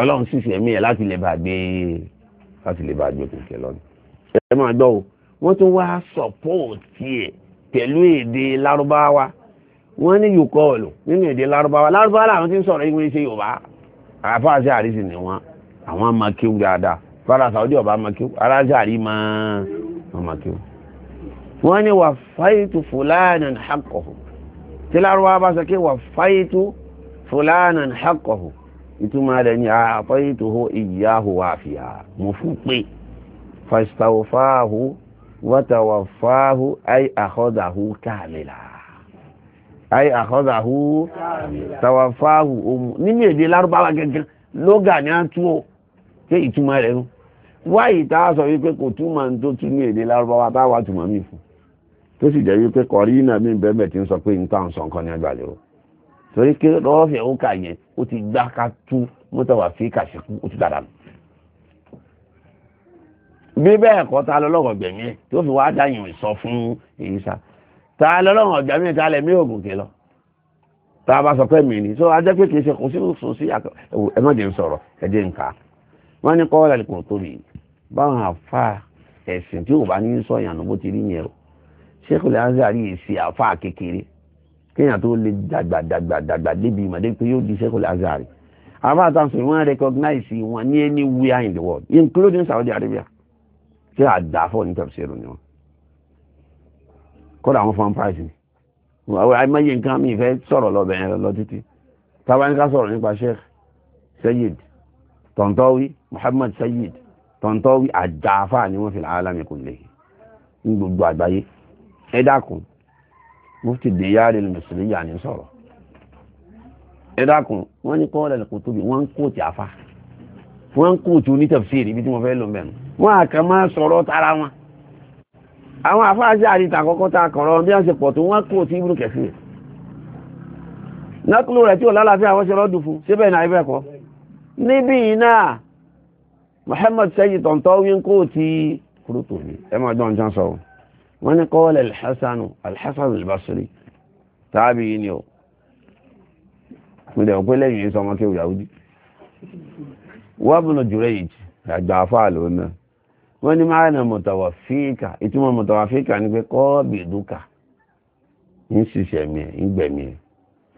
ọlọ́run sì fi ẹ̀mí ẹ̀ láti lè bá gbé láti lè bá gbé kòkè lọ́nà. ẹ máa gbọ́ o wọ́n tún wá sọ̀pọ̀tì ẹ̀ pẹ̀lú èdè lárúbáwá wọ́n ní yòókọ́ọ̀lù nínú èdè lárúbáwá lárúbáwá làwọn ti ń sọ̀rọ̀ ìwé ṣe yorùbá àfáàṣẹ àrísì ni wọn àwọn amakiw dáadáa fara sàwọ́dí ọba amakiw aráṣẹ àrí máa amakiw. wọ́n ní wà fáyìtù fúlànà haqqahu tí lárúbáwá bá sọ pé wà fáyìtù fúlànà haqqahu ìtumọ̀ rẹ̀ ni àtọ́yìntòho ìyáhù àfihà mo fún pé fàṣtàwòfáàhù wọ́tàwòfáàhù àì àkọ́dàhù kàmìlà àì àkọ́dàhù tàwòfáàhù òmù nínú èdè lárúbáwá gẹ́gẹ́ lóga ni a tú o pé ìtumọ̀ rẹ̀ nu wáyìí tá a sọ wípé kò túmọ̀ ní tó tún ní èdè lárúbáwá táwa túmọ̀ mí fún tó sì jẹ́ wípé kọ̀rí náà mi bẹ́ẹ̀ bẹ́ẹ̀ ti ń sọ pé nǹkan ní àgbàlẹ́ o torí pé rọ́ọ̀fẹ̀ ó kà yẹn ó ti gbá ká tú mọ́tàwá fi kàṣẹ́kù ó ti dára nù. bí bẹ́ẹ̀ kọ́ ta lọ́lọ́rọ̀ gbẹ̀mí ẹ̀ tó fi wáá dáyìn sọ fún èyí sá ta lọ́lọ́rọ̀ gbẹ̀mí ẹ̀ ta lẹ̀ mí ògùn kí lọ. tá bá sọ pé mi ni so ajẹ́ pé kì í ṣe kò sí sùn sí àkọ ẹ ń sọ̀rọ̀ ẹ jẹ́ ń kà wọ́n ní kọ́ ọ̀làlẹ̀ kò tóbi báwọn àfa ẹ̀sìn tí ò bá ní sọ̀yàn kéèyàn tó lè dàgbà dàgbà dàgbà débi ìmọ̀dé pé yóò di sẹ́kọ̀lì azari àwọn àtàǹsọ̀ wọ́n recognize wọn ní anywhere in the world including Saudi Arabia ṣé àdáfọ̀ ní tẹ̀síìrù ni wọn kọ́dà àwọn fan price ni àìmọye nǹkan mi ìfẹ́ sọ̀rọ̀ lọ bẹ̀rẹ̀ lọ títí táwọn ká sọ̀rọ̀ nípa Sheikh Sayyid Tantawi Muhammad Sayyid Tantawi àdáfà ni wọ́n fi làálàmì kò lè ní gbogbo àgbáyé ẹ dákun mufti diyari musulmiya ni sọ̀rọ̀ ẹ dákun wọ́n ní kọ́ lẹ́nu kò tóbi wọ́n ń kó ti àfa wọ́n ń kó ti onítẹ̀fẹ́sì ibi tí wọ́n fẹ́ lò mẹ́nu wọ́n àkàn máa sọ̀rọ̀ tara wọn àwọn afáàṣẹ àríta àkọ́kọ́ ta kọ̀rọ̀ bí wọ́n ṣe pọ̀ tó wọ́n kó ti ibùdó kẹfì rẹ̀ nákùlù rẹ̀ tí ò lálàáfíà wọ́n ṣe rọ́dù fún síbẹ̀ náà ibẹ̀ kọ́ níbí iná Muhammad sẹ́yìn tọ̀ntọ́ wí ń kó ti kúrútù ní ẹ máa dán jọ́n sọ̀rọ̀ wọ́n ní kọ́wọ́lẹ̀ alhassanu alhassan albasiri tàbí yìí ni ó múlẹ̀ òpé lẹ́yìn yìí sọmọ kéwù yahudi wọ́bùnà jùrẹ́yìí àgbà afáà ló ná wọ́n ní máa nà mọ̀tàwàfíkà ìtumọ̀ mọ̀tàwàfíkà ni pé kọ́ọ̀bì dúkà ń ṣiṣẹ́ mi ń gbẹ̀mí ẹ̀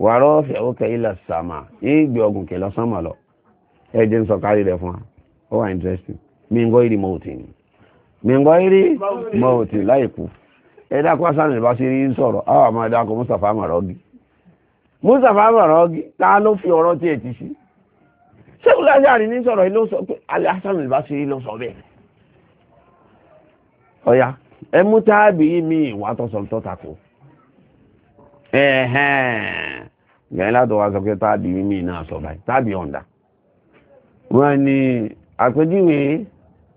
wà rọ́ọ̀fì ọkọ̀ ilẹ̀ sàmà ìgbé ọgùn kìlọ̀ sánmà lọ ẹ̀jẹ̀ ń sọ kárí rẹ̀ fún wa ó wà interesting mi ń gọ́ ìrìmọ̀ òtì ni mìngọ́ irí mọ́ọ̀tì láìkú ẹ̀dákọ́ sánà ìbá sí rí sọ̀rọ̀ àwọn àmọ́ ẹ̀dákọ́ Mustapha Mustapha ta ló fi ọ̀rọ̀ tí ti sí sẹ́kù lájáàrí ní sọ̀rọ̀ ilé sọ pé alásánà ìbá ló sọ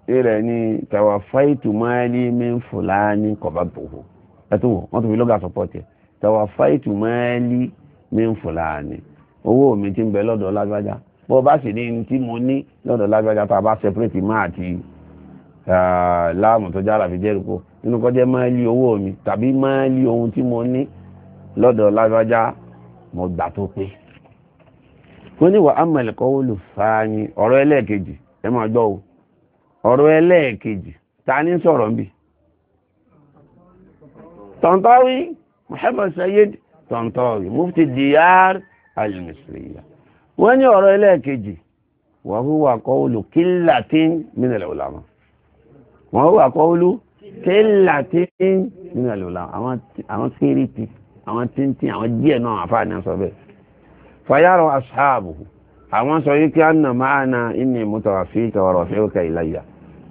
ilẹ̀ ni tàwa fáìtù máàlì min fúlàní kọ̀bàbòhò ẹ̀tọ́ wọ́n tó fi lọ́gà sọpọ́tì tàwa fáìtù máàlì min fúlàní owó mi ti ń bẹ lọ́dọ̀ lágbájá bó bá sì ní tí mo ní lọ́dọ̀ lágbájá tá a bá sẹpẹ́rẹ́tì máa ti láàmù tó jára fi jẹ́rìkó nínú kọjá máàlì owó mi tàbí máàlì ohun tí mo ní lọ́dọ̀ lágbájá mo gbà tó pé wọ́n ní wàá amẹ̀lẹ̀kọ́ wọ́n fáyín ọ̀rọ̀ ẹlẹ́ẹ̀kejì ẹ máa gbọ́ ọ̀rọ̀ ẹlẹ́ẹ̀kejì ta ní sọ̀rọ̀ ń bì tọ̀ntọ́wí Muhammad Sayyid tọ̀ntọ́wí mufti diyar al-Misriya wọ́n ní ọ̀rọ̀ ẹlẹ́ẹ̀kejì wa huwa qawlu killatin minal ulama wa huwa qawlu killatin minal ulama àwọn kéré àwọn tíntín àwọn díẹ̀ náà àfáà ní sọ bẹ́ẹ̀ fayarọ ashabuhu àwọn sọ yìí kí a nà máa na inni mutawafika wa rafi'uka ilayya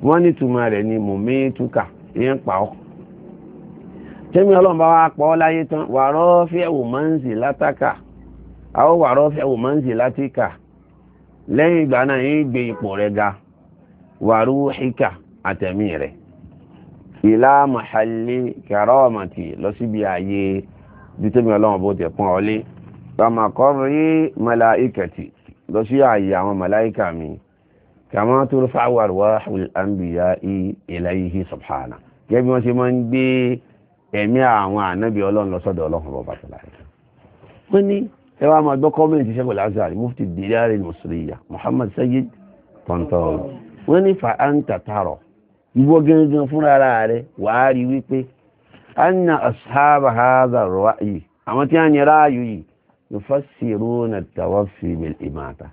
wọ́n ní túmọ̀ rẹ̀ ni mùmí túkà ìyẹn pa ọ́ tẹ́mi ọlọ́run bá wá pọ̀ ọ́ láyé tán wàárọ̀ fẹ́wò máa ń zì látàkà àwọn wàárọ̀ fẹ́wò máa ń zì látìkà lẹ́yìn ìgbà náà yìí gbé ipò rẹ̀ ga wàrú híkà àtẹ̀mí rẹ̀ ìlà màhálí kàrọ́ọ̀màtì lọ síbi ààyè bí tẹ́mi ọlọ́run tẹ̀ pọ́n ọlé pàmàkọ́rí màláìkàtì lọ sí ààyè àwọn màláìkà mi kàmá tó rufa arwahul anbiya'i ilayhi subhana gẹ́gẹ́ bí wọ́n ṣe máa ń gbé ẹ̀mí àwọn ànábì ọlọ́run lọ́sọ̀dọ̀ ọlọ́run bọ̀ bàtàlá rẹ̀ wọ́n ní ẹ wá máa gbọ́ kọ́mẹ́ǹtì Sheikh al-Azhar mufti dirari al-Misriya Muhammad Sayyid Tonton wọ́n ní fa anta taro ìwọ gẹ́gẹ́ fúnra rẹ̀ wàá rí wípé anna ashab hadha ar-ra'yi àwọn tí wọ́n ní ráàyò yìí yufassiruna at-tawaffi bil-imata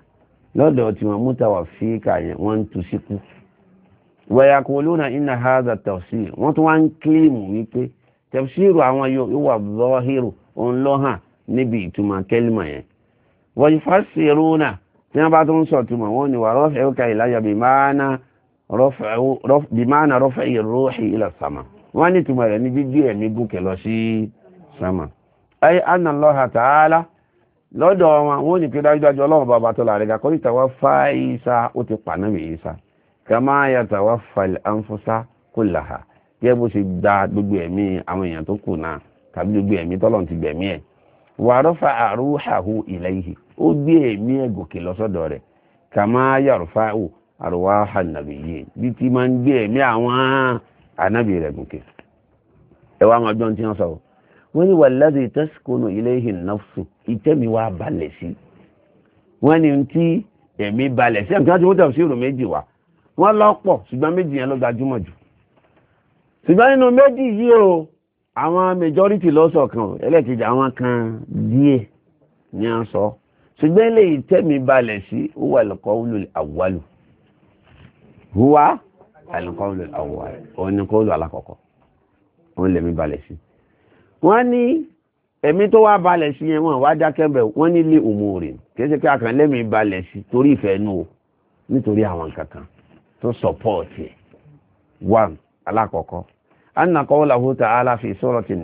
lọ́dọ̀ tí wọ́n múta wà fi kàyẹ̀ wọ́n ń tu síkú wẹ̀yàkùnlónà iná haza tafsir wọ́n tún wá ń kílìmù wípé tafsiru àwọn yóò zọ́hírù òun lọ́hàn níbi ìtumọ̀ kẹ́lìmọ̀ yẹn wọ́n fásirúnà tí wọ́n bá tún sọ túmọ̀ wọ́n ni wà rọ́fẹ̀ẹ́ ká ìlàyà bí máàna rọ́fẹ̀ẹ́ rọ́ọ̀hì ila sama wọ́n ní túmọ̀ rẹ̀ ní gbígbé ẹ̀mí gúnkẹ̀ lọ sí sama ay anna lọ́dọ̀ wọn wọ́n ní pé dájúdájú ọlọ́run bàbá tó láàrin kakọ́ ịsa fà ìsá ó ti pàná mi ìsá kama yàtàwọ́ fàlì ànfọ́sá kò làhà kí gba gbogbo ẹ̀mí àwọn èèyàn tó kù náà tàbí gbogbo ẹ̀mí tọ́lọ̀ ti gbẹ̀mí ẹ̀ wàrọ́fà àrùhàhù ilayhi ó gbé ẹ̀mí ẹ̀ gòkè lọ́sọ̀dọ̀ rẹ̀ máa wọ́n ní wàlẹ́dì tẹ́sìkónù ilé ìhìn nọ́ọ̀sù ìtẹ́mi wá balẹ̀ sí wọ́n ní tí ẹ̀mí balẹ̀ sí ẹ̀mí tí wọ́n tẹ̀ sí ìrò méjì wá wọ́n lọ́pọ̀ ṣùgbọ́n méjì yẹn ló gbajúmọ̀ jù ṣùgbọ́n nínú méjì yìí o àwọn majority lọ́sọ̀ kan ẹlẹ́kejì àwọn kan díẹ̀ ni a sọ ṣùgbọ́n ilé ìtẹ́mi balẹ̀ sí huwa alqawlu awwalu huwa alqawlu awwalu òun ni kọ́ọ̀lù alákọ̀ọ́kọ́ òun lèmi balẹ̀ sí. wọ́n ní ẹ̀mí tó wá balẹ̀ sí yẹn wọ́n wá dákẹ́bẹ̀ wọ́n nílé òmùrè kìí ṣe pé àkànlẹ́mí balẹ̀ sí torí ìfẹ́ nù o nítorí àwọn kankan tó sọpọ́ọ̀tì one alákọ̀ọ́kọ́ alakọọkọ. qawlahu ta'ala fi surati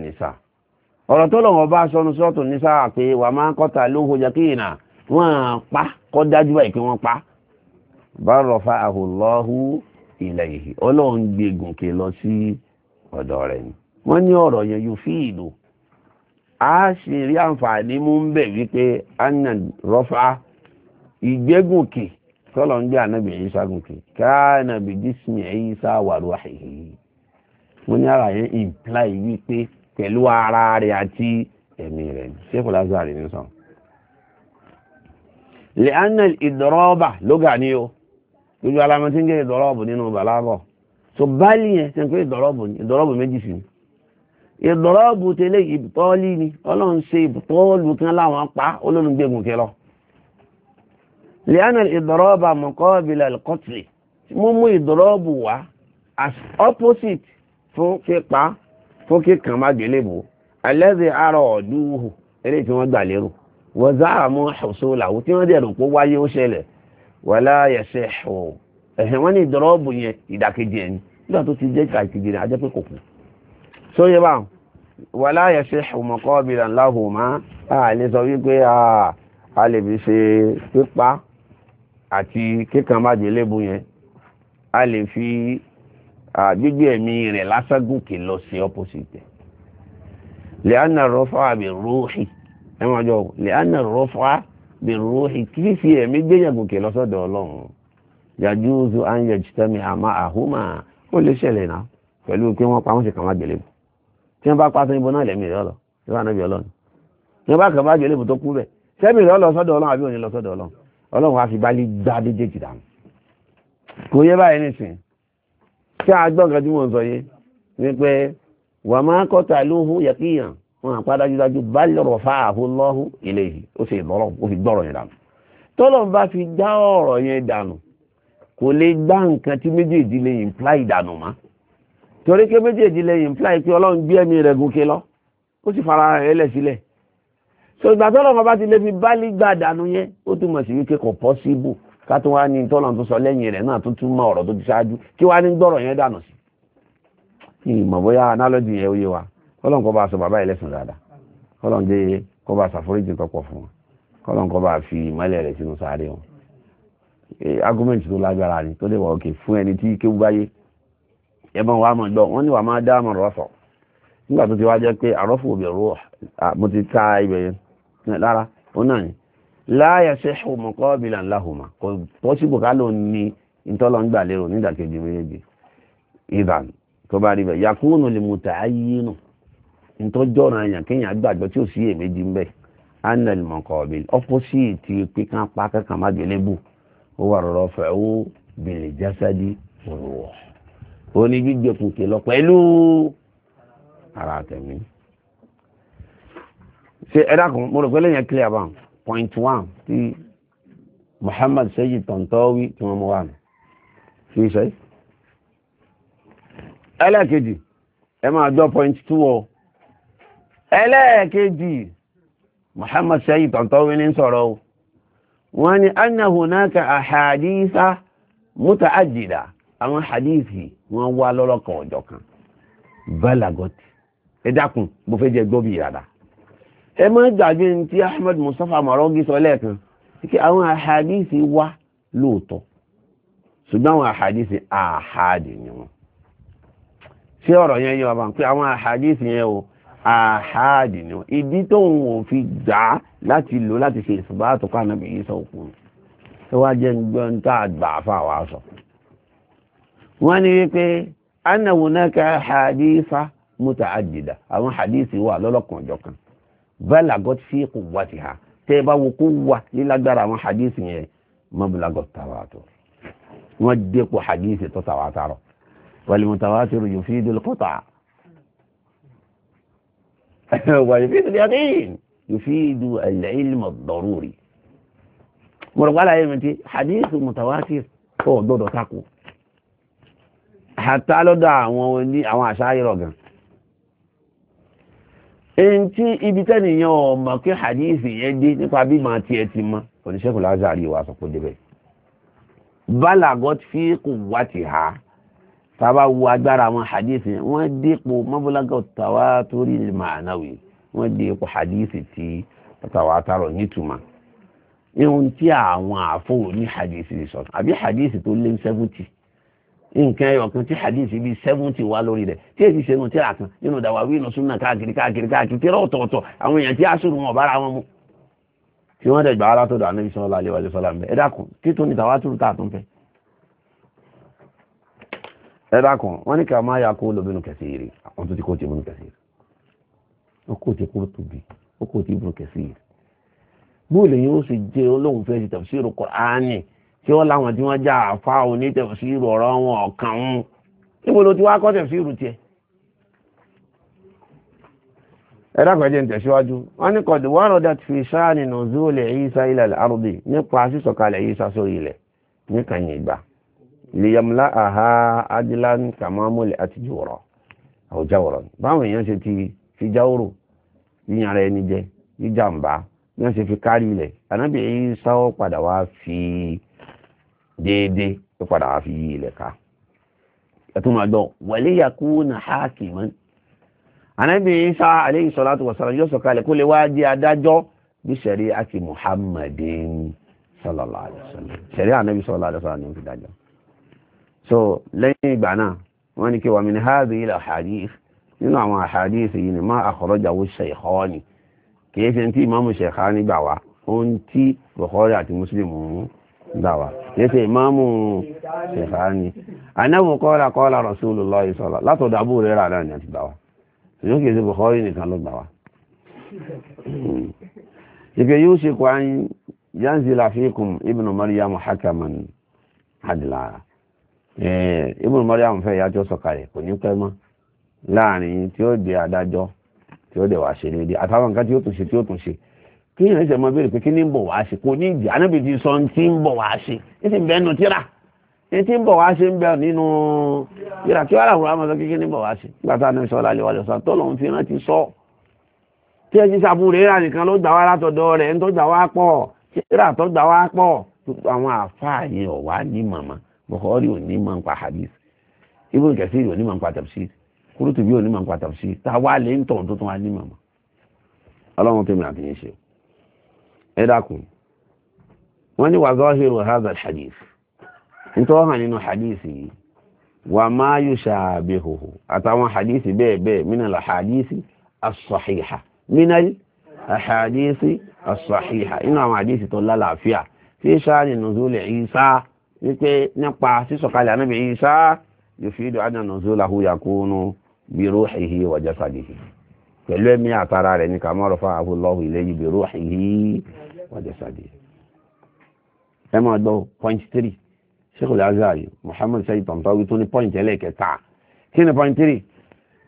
ọ̀rọ̀ tó lọ́wọ́ bá sọnu pé wọ́n pa kọ́ wọ́n ní ọ̀rọ̀ yẹn yóò fi ìlú a ṣe rí àǹfààní mú ń bẹ̀ wípé anna rọ́fà ìgbégùnkè tọ́lọ̀ ń gbé ànábì Ìsá gùnkè káànà bí jísìmì Ìsá wàrú àhìhì wọ́n ní ara yẹn imply wípé pẹ̀lú ara rẹ̀ àti ẹ̀mí rẹ̀ ṣé kò lásán rẹ̀ nìsan. lè anna ìdọ̀rọ̀ọ̀bà lóga ni o lójú alamọ́tí ń jẹ́ ìdọ̀rọ̀ọ̀bù nínú bàlábọ̀ so báyìí yẹn ṣe ń pé ìdọ̀rọ̀ọ̀bù méjì sí ni ìdọ́rọ́bù tẹ́lẹ̀ ìbùtọ́ọ́lì ni ọlọ́run ṣe ìbùtọ́ọ́lù kan láwọn pa olóńgbègùn kí lọ. lẹ́yìn ìdọ́rọ́bà mọ̀kọ́bìlà kọ́tìlì mo mú ìdọ́rọ́bù wá as opposite fún kípa fún kíkan má gbélébò alẹ́sẹ̀ arọ ọ̀dúnwò eré tí wọ́n gbà lérò wọ́n záà mú ṣoṣo làwọn tí wọ́n dẹ̀rù pé wáyé ó ṣẹlẹ̀ wọ́lá yẹsẹ̀ ẹ̀hìn wọ́n ní ìdọ́rọ́bù yẹn ìdàkejì ẹni nígbà tó ti jẹ́ ìkàkejì rẹ̀ ajẹ́ pé tó yẹ bá wà láyẹ̀ ṣe ọmọkọ́ bìrà láhùnmá a lè sọ wípé a lè fi ṣe pípa àti kíkan má jẹ lébu yẹn a lè fi gbígbé ẹ̀mí rẹ̀ lásán gòkè lọ sí opposite lẹ́ánà rọ́fà àbí rúhì ẹ̀wọ̀n jọ lẹ́ánà rọ́fà àbí rúhì kí fi ẹ̀mí gbéyàn lọ́sọ̀dọ̀ ọlọ́run yàjú zu anyẹ̀jítẹ́mi àmà àhúmà ó lè ṣẹlẹ̀ náà pẹ̀lú pé wọ́n pa wọ́n sì kàn wá gbèlébù tí wọ́n bá pàṣẹ ìbọn náà lẹ́mí rẹ̀ ọlọ́ ìwà náà bí ọlọ́ni tí wọ́n bá kàn bá jẹ́ lébùtó kú bẹ̀ sẹ́mi rẹ̀ ọlọ́ sọ́dọ̀ ọlọ́run àbí òní lọ sọ́dọ̀ ọlọ́run ọlọ́run wá fi bálí gbá méjèèjì dànù kò yé báyìí nìsín tí a gbọ́ nǹkan tí mò ń sọ yé ni pé wà máa kọ́ta lóhu yẹ̀kíyàn wọn àpá dájúdájú bá lọ́rọ̀ fáàhù lọ́hù ilé yìí ó sì lọ́rọ̀ torí pé méjèèjì lẹ́yìn imply pé ọlọ́run gbé ẹ̀mí rẹ̀ gòkè lọ ó sì fara rẹ̀ lẹ̀ sílẹ̀ so ìgbà tọ́lọ̀ bàbá ti lè fi bálí gbà dànù yẹn ó túmọ̀ sí wípé kò pọ́síbù ká tó wá ní tọ́lọ̀ tó sọ lẹ́yìn rẹ̀ náà tó túmọ̀ ọ̀rọ̀ tó ti ṣáájú kí wá ní gbọ́rọ̀ yẹn dànù sí kí ìmọ̀ bóyá analogy yẹn ó yé wa ọlọ́run kó bá sọ bàbá yẹn lẹ́sùn dáadáa ọlọ́run jẹ́ kó bá ṣàforíjì kọ́pọ̀ fún wọn ọlọ́run kó bá ẹ̀bọ̀n wa mọ̀ gbọ́ wọ́n ní wà máa dá àmọ̀ rọ́sọ̀ nígbà tó ti wá jẹ́ pé àrọ́fò òbí ọ̀rọ̀ mo ti ta ibẹ̀ yẹn lára ó náà ni láyà ṣe ṣùgbọ́n kọ́ bílà ńláhùmá kò pọ́sibù ká ló ní ìtọ́lọ́ ń gbà lérò nídàkejì méjèèjì ìbàn tó bá rí bẹ̀ yakúnù lè mú ta ayé nù ìtọ́jọ́ ra yàn kéèyàn gbàgbọ́ tí ò sí èméjì ń bẹ̀ anel mọ̀kọ́bí ọ́pọ́sìtì pínká pákẹ́kàn má gbélébù ó wà rọ̀rọ̀ fẹ́ ó bèrè jásádì òrùwọ̀ ó ní gbígbé fòkè lọ pẹ̀lú ara tẹ̀mí. ṣe ẹ dákun mo rò pé lẹ́yìn clear bá point one ti Muhammad Sayyid Tantawi tí wọ́n mú wà ní fi ṣe. ẹlẹ́ẹ̀kejì ẹ máa gbọ́ point two ọ ẹlẹ́ẹ̀kejì Muhammad Sayyid Tantawi ní sọ̀rọ̀ o wọ́n ní anna ahadisa muta'addida àwọn hadithi wọ́n wá lọ́lọ́kan ọ̀jọ̀ kan balagot ẹ dákun mo fẹ́ jẹ gbọ́ bí ìrada ẹ má gbàgbé ní ti Ahmed Mustafa Marogi sọ lẹ́ẹ̀kan kí àwọn hadithi wá lóòótọ́ ṣùgbọ́n àwọn àhàdìsì àhàdì ni wọn ṣé ọ̀rọ̀ yẹn yọ ọba pé àwọn àhàdìsì yẹn o àhàdì ni wọn ìdí tóun ò fi gbà á láti lò láti ṣe ìṣùgbọ́n àtọ́kọ́ ànábìyí sọ òkú ẹ wá jẹ́ ń gbọ́ ń tá àgbà àfa wa sọ wọ́n ní wípé anáwónáka hadisa mutaaddida àwọn hadisi wà lọ́lọ́kan ọjọ́ kan balagot fi quwwatiha tẹ́ bá wo kó wà lílágbára àwọn hadisi yẹn mablagot tawatur wọ́n dépò hadisi tó tawatarọ̀ wal mutawatir yufidu al-qata' ويفيد اليقين يفيد العلم الضروري مرغلا يمتي حديث متواتر هو دودو تاكو hàtà lọ́dọ̀ àwọn oní àwọn àṣáyìrọ̀ gan èyí tí ibi tẹ́nìyàn ọmọ kí hadithi yẹn dé nípa bí màá tiẹ̀ ti mọ́ oníṣẹ́kù lázàrí wa sọ pé débẹ̀ balagot fi kù wá ti ha tába wo agbára àwọn hadithi yẹn wọ́n dípò mọ́bùlágọ̀ tàwa torí màánáwì wọ́n dípò hadithi tí tàwa tarọ̀ nítumọ̀ ihun tí àwọn àfọwò ní hadithi sọ àbí hadithi tó lé 70 nǹkan ẹyọ kan tí hadisi bíi seventy wá lórí rẹ̀ tí èyí ṣe nu tíra kan nínú dàwà wí inú súnà káàkiri káàkiri káàkiri tíra ọ̀tọ̀ọ̀tọ̀ àwọn èèyàn tí aṣọ́rù wọn ọ̀bára wọn mu. tí wọ́n dẹ̀gbà alátọ̀dọ̀ ànábi sallallahu alaihi wa sallam ẹ dákun kí tó ní tàwátúrú tá a tún fẹ́. ẹ dákun wọ́n ní ká máa ya kó lóbinú kẹsìrì àwọn tó ti kó ti bínú kẹsìrì ó kó ti kó tóbi ó kó ti tí wọ́n láwọn tí wọ́n já àfa onítẹ̀síìrù ọ̀rọ̀ wọn ọ̀kan ń níbo ló ti wá kọ́ tẹ̀síìrù tiẹ̀. ẹ dákọ̀ẹ́jẹ́ ń tẹ̀síwájú wọ́n ní kọ̀dù wọ́n rọ̀dà ti fi sáà nínú zúlẹ̀ ìsà ilẹ̀ àrùdì nípa sísọ̀kalẹ̀ ìsà sórí ilẹ̀ níkànnì ìgbà lèyàmúlá àhá adílán kàmámúlẹ̀ àti jùwọ̀rọ̀ àwùjáwọ̀rọ̀ báwọn èèyàn ṣe ti fi jáwòrò yíyanra ẹni jẹ jíjàmbá déédéé tó padà wá fi yí ilẹ̀ ká ẹ̀tún máa gbọ́ wẹ̀lé yakú na háàkì mọ́ anábì isa aleyhi salatu wasalam yóò sọ̀kalẹ̀ kó lè wá di adájọ́ bí sẹ̀rí àti muhammadin sallallahu alayhi wa sallam sẹ̀rí anábì sallallahu alayhi wa sallam ni ó fi dájọ́ so lẹ́yìn ìgbà náà wọ́n ní kí wà mí ní háàbí ilẹ̀ hadith nínú àwọn hadith yìí ni má àkọ́rọ́jàwó shaykhani kìí ṣe tí imamu shaykhani gbà wá ohun tí bukhari àti muslim ń gbà wá yẹsẹ ìmáàmù ṣèfàánì anáwó kọ́ra kọ́ra rasulullah ìsọ̀lá látọ̀dọ̀ abúrò rẹ̀ rà ní àti gbàwá ṣùgbọ́n kìí ṣe bukhari nìkan ló gbàwá. ìgbẹ́ yóò ṣe kwan yanzila fikum ibnu maryam hakaman adla ibnu maryam fẹ́ yájọ́ sọ̀kalẹ̀ kò ní pẹ́ mọ́ láàrin tí ó di adájọ́ tí ó dẹ̀ wá ṣe déédéé àtàwọn nǹkan tí ó tún ṣe tí ó tún ṣe kí yẹn ṣe mọ béèrè pé kí ni ń bọ̀ wá ṣe kò ní ìdí anábì ti sọ ti ń bọ̀ wá ṣe ní ti ń bẹ́ẹ̀ nù tíra ní ti ń bọ̀ wá ṣe ń bẹ́ẹ̀ nínú tíra kí wàhálà fúnra máa sọ kí kí ni ń bọ̀ wá ṣe nígbà tá a ní sọ lálẹ́ wàlẹ́ sọ tó lòun fi rántí sọ tí ẹ ti sàbúrò rà nìkan ló gbà wá látọ̀dọ̀ rẹ̀ ń tó wá pọ̀ tíra tó wá pọ̀ àwọn àfáà yẹn ò wá ní màmá Bukhari hadith Ibn Kathir ò ní màmá tafsir Qurtubi ò ní màmá tafsir táwa lè ń tọ̀ tó tún wá ní ṣe o ẹ̀dàkùn wọ́n ní wàzọ́hìrò haza hadith ní tó hàn nínú hadith yìí wà máa yóò ṣàbẹ̀ hòhò àtàwọn hadith bẹ́ẹ̀ bẹ́ẹ̀ mínà la hadith as-sahiha mínà hadith as-sahiha inú àwọn hadith tó lálàáfíà tí ṣáàrì nùzúlẹ̀ Ìsá wípé nípa sísọ̀kalẹ̀ anábì Ìsá yóò fi ìdò adà nùzúlahu yakunu bi ruhihi wa pẹ̀lú ẹ̀mí àtara rẹ̀ ní kàmọ́rọ̀ fáwọn abúlọ́hù ilayhi bi ruhihi wajasadi ẹ máa gbọ́ point three sheikh al-azari muhammad sayyid tantawi tó ní point ẹlẹ́kẹta kí ni point three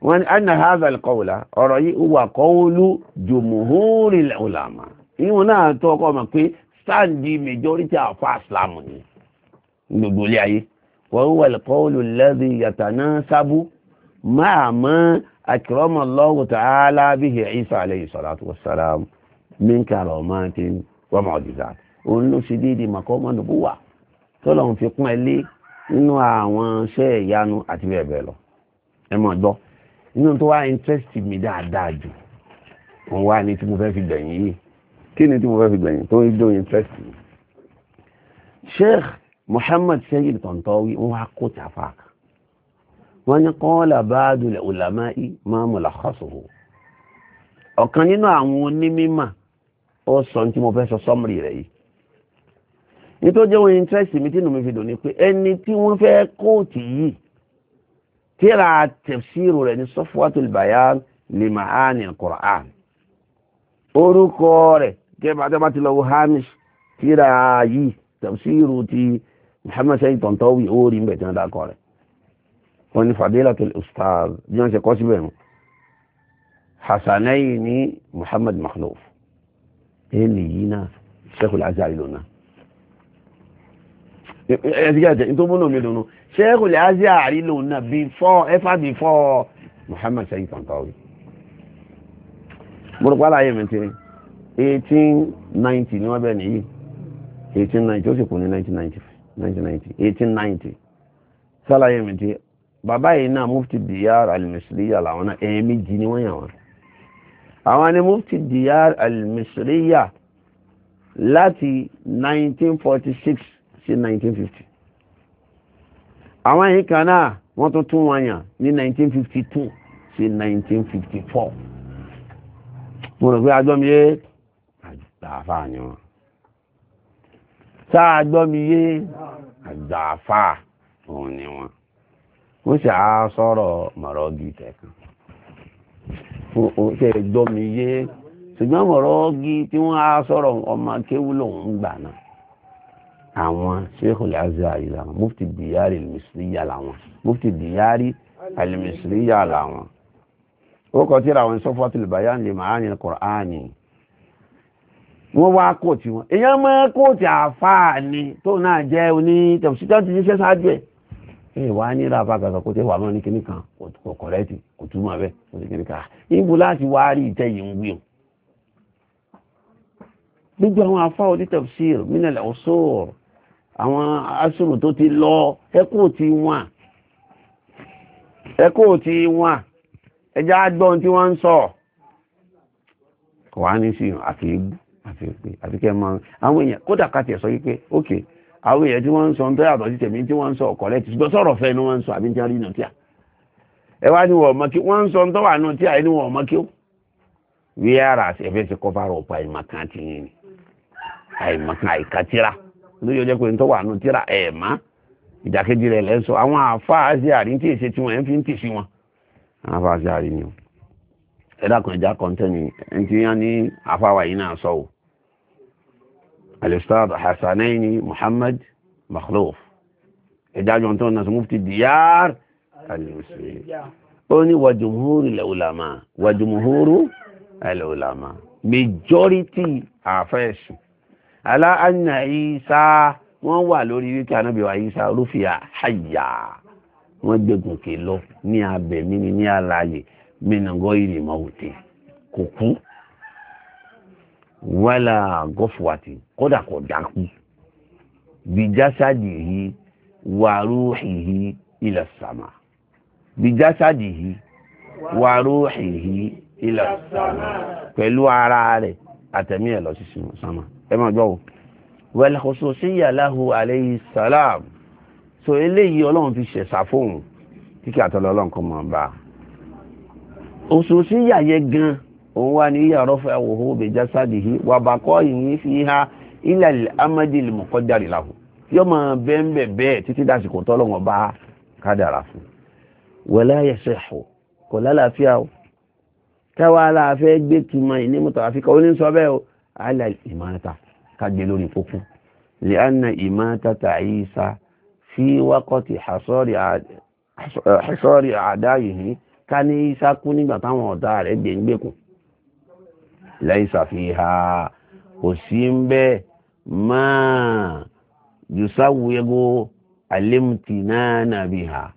wọ́n ní anna hadha al-qawla ọ̀rọ̀ yìí wà qawlu jùmùhúrì ulama ìwọ̀n náà tó ọkọ̀ mọ̀ pé sáàdì majority of islam ni gbogbo ilé ayé wa huwa al-qawlu alladhi yatanasabu ma'a ma akrama Allahu ta'ala bihi Isa alayhi salatu wassalam min karamatin wọ́n máa ọ̀dìzà òun ló ṣe déédéé màkọ́mọ́ nùbú wà tọ́lọ́run fi pọ́n ẹ lé nínú àwọn iṣẹ́ ìyanu àti bẹ́ẹ̀ bẹ́ẹ̀ lọ ẹ mọ̀ gbọ́ nínú tó wá interest mi dáadáa jù òun wá ní tí mo fẹ́ fi gbẹ̀yìn yìí kí ni tí mo fẹ́ fi gbẹ̀yìn tó ń dó interest mi. sheikh muhammad sayyid tantawi ń wá kó tàfà wọ́n ní qala ba'dul ulama'i ma mulakhasuhu ọ̀kan nínú àwọn onímímà ó sọ ní tí mo fẹ́ sọ sọ́mùrì rẹ̀ yìí ní tó jẹ́ wọn interest mi tí inú mi fi dùn ni pé ẹni tí wọ́n fẹ́ kóòtù yìí tíra tẹ̀síìrù rẹ̀ ní Safwatul Bayan li Ma'ani al-Qur'an orúkọ rẹ̀ kẹ́bà tẹ́bà ti lọ́wọ́ hamish tíra yìí tẹ̀síìrù ti Muhammad Said Tantawi ó rí mbẹ̀ tí wọ́n rẹ̀ wọ́n ní Fadilatul Ustaz bí ṣe kọ́ síbẹ̀ nù Hasanayni Muhammad Makhluf eléyìí náà sẹ́kùlù azari lónà ẹ̀sìkẹ́jẹ̀ tó múnà mi lónà sẹ́kùlù azari lónà before ever before Muhammad sẹ́yìn Tantawi mọ̀rọ̀pá láyé mi ti 1890 ni wọ́n bẹ̀ nìyí 1890 ó sì kú ní 1990 1890 sálàyé mi ti bàbá yìí náà mufti diyar al-misliya làwọn náà ẹ̀ẹ́mí jí ni wọ́n yà wọ́n àwọn ni mufti diyar al-misriya láti 1946 sí 1950 àwọn yìí kan náà wọ́n tún tún wọn yàn ní 1952 sí 1954 mo rò pé agbọ́mi yé àgbàfà ni wọn sáà agbọ́mi yé àgbàfà òun ni wọn ó sì á sọ̀rọ̀ mọ̀rọ̀ gí ṣe gbọ́ mi yé ṣùgbọ́n mọ̀rọ̀ ọ́gí tí wọ́n á sọ̀rọ̀ ọmọ akéwú lòun ń gbà náà àwọn sheikh al-azhar yìí làwọn mufti biyari al-misriya làwọn mufti biyari al-misriya làwọn ó kọ tí làwọn sọfọ́tì bayan li ma'ani al-qur'ani wọ́n wá kóòtù wọn èèyàn máa kóòtù àfáà ni tó náà jẹ́ oní tẹ̀síkẹ́ ti ṣiṣẹ́ ẹ̀ ìwà ní ráfà kàkà kó tẹ́ wà mọ́ ní kíní kan kò kọ̀rẹ́tì kò túmọ̀ bẹ́ẹ̀ kò sí kíní kan níbo láti wá rí ìtẹ́ yìí ń wí o. gbogbo àwọn afá oní tafsir mínàlẹ̀ ọ̀ṣọ́ àwọn asòrò tó ti lọ ẹ̀kọ́ ti wọ́n ẹ̀kọ́ ti wọ́n ẹja gbọ́n tí wọ́n ń sọ kò wá ní sí àfi àfi pé àfi kẹ́ mọ́ àwọn èèyàn kódà ká tiẹ̀ sọ wípé ókè. Okay àwọn èèyàn tí wọ́n ń sọ ń tọ́ yàtọ̀ sí tèmi tí wọ́n ń sọ ọ̀kọ̀ lẹ́tì ṣùgbọ́n sọ̀rọ̀ fẹ́ ni wọ́n ń sọ àbí tí wọ́n rí nà tíà ẹ wá ní ọmọ kí wọ́n ń sọ ń tọ́ wà nù ọmọ kí ó wí ara ti kọ́ fara ọ̀pọ̀ àìmọ̀kan ti yín ni àìmọ̀kan ọjọ́ pé ń tọ́ wà nù alistad حسنيني محمد مخلوف ìdájọ́ tó náà mufti diyar alimusulmi ó ní wàjúmúhúrú lẹ́wùlámà wàjúmúhúrú lẹ́wùlámà majority àfẹ́sù alá anna isa wọ́n wà lórí wípé anábìwá isa rúfìá hayya wọ́n gbégùnkè lọ ní abẹ̀mí ni ní àlàyé mẹ́nàgọ́ ìrìnmọ̀ òtẹ́ kò kú wàlà gọ́fùwàtì kódà kò dákú bìjásádì yìí wàrúhì yìí ilẹ̀ sàmà bìjásádì yìí wàrúhì yìí ilẹ̀ sàmà pẹ̀lú ara rẹ̀ àtẹ̀mí ẹ̀ lọ sí sàmà ẹ máa gbọ́ o wẹ̀lẹ̀ kò so sí yàláhu aleyhi salam so eléyìí ọlọ́run fi ṣẹ̀ṣà fóun kíkẹ́ àtọ́lọ́ ọlọ́run kan bá a yàyẹ gan-an òun wá ní yàrá fún ẹwòhó bèjà sádìhí wà bàkọ́ yìí fi ha ilẹ̀ amadi lè mọ̀kọ́ jáde làwọn yóò máa bẹ́ẹ̀ bẹ́ẹ̀ títí dàsìkò tọ́lọ́wọ́n bá kádàrà fún wẹ̀lá yẹsẹ̀ ọ̀ kò lálàáfíà o kẹwàá aláàfẹ́ gbé túmọ̀ ìní mọ̀tò àfikà ó ní sọ bẹ́ẹ̀ o alẹ́ ìmọ̀ta kágbé lórí pópó lè ana ìmọ̀ta tàyí sa fi wákọ̀tì àṣọ́rí àdá yìí ká ní ìsákú nígbà táwọn ọ̀tá rẹ̀ gbé ń gbèkùn laysa fiha kò sí ń bẹ́ máa yùsáwúyẹ́gó alimti náà nàbí ha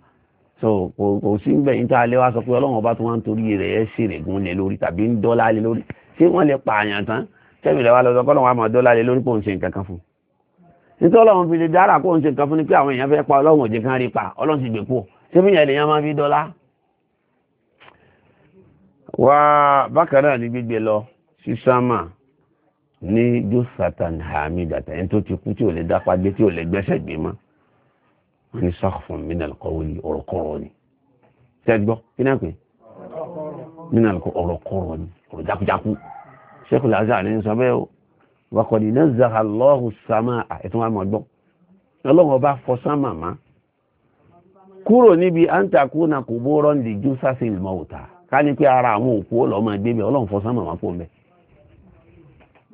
so kò sí ń bẹ́ níta alẹ́ wa sọ pé ọlọ́run ọba tó wá ń torí rẹ̀ ẹ́ ṣèrè gún lé lórí tàbí ń dọ́là lé lórí ṣé wọ́n lè pààyàn tán tẹ́mi lẹ́wà lọ́sọ kọ́ lọ́wọ́ àmọ́ dọ́là lé lórí kò ń ṣe nǹkan kan fún nítorí ọlọ́run fi lè dára kó ń ṣe nǹkan fún ni pé àwọn èèyàn fẹ́ pa ọlọ́run òjì kan rí pa ọlọ́run ti gbè kú ṣé bí yẹn lè máa fi dọ́là. wá bákan náà ni gbígbé lọ sí sámà ní josatan hamidata ẹni tó ti kú tí ò lè dápadé tí ò lè gbẹ́sẹ̀ gbé mọ́ wọ́n ní sáfún minal qawli ọ̀rọ̀kọ̀rọ̀ ni tẹ́gbọ́ kí náà pé minal ọ̀rọ̀kọ̀rọ̀ ni ọ̀rọ̀ jákujáku sheikh lazar ní sọ bẹ́ẹ̀ o wakọ̀dì náà zaha Allahu sámà ẹ̀tún wa mọ̀ gbọ́ ọlọ́wọ́ bá fọ sámà má kúrò níbi antakuna kuburan di josafin mọ́ta ká ní pé ara àwọn òkú ọlọ́mọ ẹgbẹ́ bẹ́ẹ̀ ọlọ́run fọ sámà má kó bẹ́ẹ̀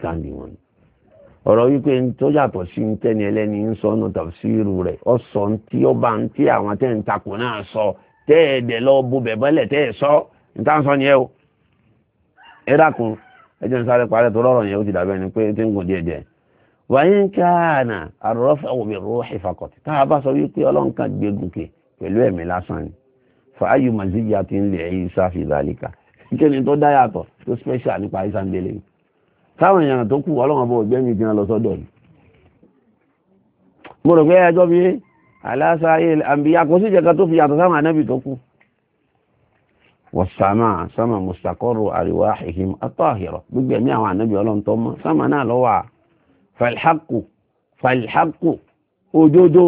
understanding wọn ọ̀rọ̀ wípé tó yàtọ̀ sí ń tẹ́ni ẹlẹ́ni ń sọ rẹ̀ ọ sọ ń tí ó bá ń tí àwọn sọ tẹ́ ẹ dẹ̀ lọ bo bẹ̀bẹ́lẹ̀ tẹ́ ẹ sọ ń tá ń sọ nìyẹn o ẹ dákun ẹ jẹ́ ń sáré parẹ́ tó yẹn ó ti dàbẹ́ ni pé tí ń gùn díẹ̀ díẹ̀ wàyí ń òbí tá a bá sọ wípé ọlọ́nkà táwọn èèyàn tó kù ọlọ́wọ́n bọ̀ gbẹ́mí gan lọ sọ́dọ̀ ni mo rò pé ẹjọ́ bí aláṣà ilẹ̀ àbí àkọsí ìjẹ̀ka tó fi yàtọ̀ sáwọn ànábì tó kù wọ̀sàmà sàmà mùsàkọ́rù àríwá ìhìm atọ́hìrọ̀ gbogbo ẹ̀mí àwọn ànábì ọlọ́run tó mọ́ sàmà náà lọ́wọ́ falhaku falhaku òdodo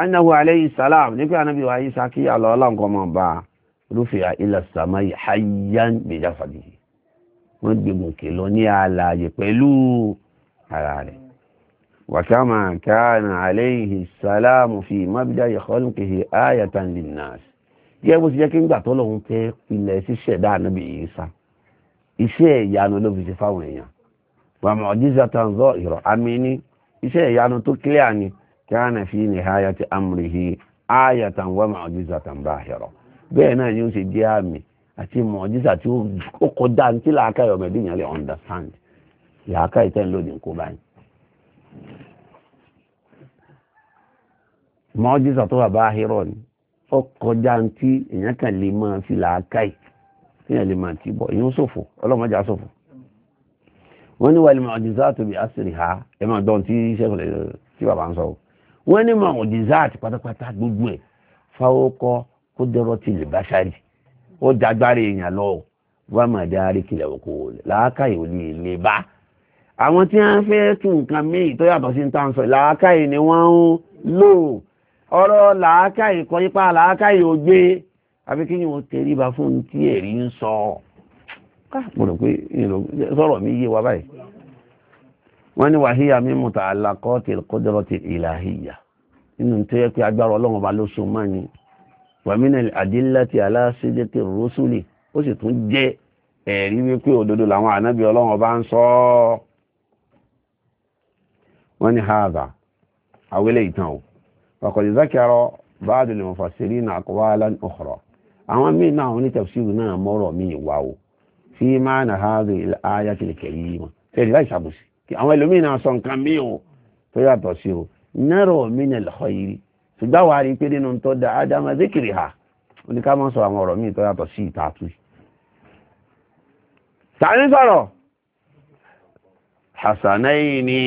annahu alayhi salam ní pé hayyan bi jasadihi wọ́n gbé gòkè lọ ní àlàyé pẹ̀lú ara rẹ̀ wàkàmà káàna aléhì sàlámù fi mábídá ìkọlùkìhì ayatan linnas jẹ́ bó ti jẹ́ kí ń gbà tọ́lọ̀ ń tẹ́ ilẹ̀ ṣíṣẹ̀dá ànábì Ìsá iṣẹ́ ìyanu ló fi ṣe fáwọn èèyàn wàmọ̀ ọ̀jíṣà tán zọ ìrọ̀ àmì ní iṣẹ́ ìyanu tó kílẹ̀ ni káàna fi nìhayati amrihi ayatan wàmọ̀ ọ̀jíṣà tán bá ìrọ̀ bẹ́ẹ̀ náà ni ó ṣe jẹ́ àmì àti mọ̀jísà tí ó kọjá tí làákà ọmọdé yẹn lè understand làákà ìtẹ́n lòdì ń kó báyìí. mọ̀jísà tó wà bá ahírọ̀ ni ó kọjá tí èèyàn kan lè máa fi làákà yìí tí èèyàn lè máa ti bọ̀ èèyàn ṣòfò ọlọ́mọdé aṣòfò. wọ́n ní wàlẹ̀ mọ̀jísà tó bí àṣírí ha ẹ̀ máa dán tí sẹ́kùn tí bàbá ń sọ wọ́n ní mọ̀jísà pátápátá gbogbo ẹ̀ fáwọ́kọ́ kó dẹ́rọ́ ti lè bá ó jagbára èèyàn lọ wọ́n máa dá àríkìlẹ̀ òkú làákàyè ò lè lè bá àwọn tí wọ́n fẹ́ tún nǹkan míì tó yàtọ̀ sí ta ń sọ làákàyè ni wọ́n ń lò ọ̀rọ̀ làákàyè kọ́ yípa làákàyè ò gbé àfi kí ni wọ́n tẹríba fún tí ẹ̀rí ń sọ ah, mo rò pé sọ̀rọ̀ mi yé wa báyìí wọ́n ní wàhíyà mímú ta àlàkọ́ tìrìkọ́dọ́rọ́ tìrì ìlàhíyà nínú tó pé agbára ọlọ́run ọba ló so máa ní wàmínà àdílátì aláṣẹ́dẹ́tì rọ́sùlì ó sì tún jẹ́ ẹ̀rí wípé òdodo làwọn ànábì ọlọ́run bá ń sọ ọ́ wọ́n ní haza awele ìtàn o ọkọ̀dé zákẹ́rọ báàdù lè mọ̀fà sírí ní àkọwálá ọ̀họ̀rọ̀ àwọn míì náà wọn ní tafsiru náà mọ́rọ̀ míì wá o fi máa nà haza ayá ti lè wọn fẹ́ẹ̀rí láì ṣàbùsì àwọn ẹlòmíì náà sọ nǹkan míì o tó yàtọ̀ sí o nẹ́rọ̀ mí nà ṣùgbọ́n wàá rí i pé nínú tó da ádámà zikiri ha oníkàmọ́ sọ àwọn ọ̀rọ̀ míì tó yàtọ̀ sí ìtàtù tàní sọ̀rọ̀ hasanaini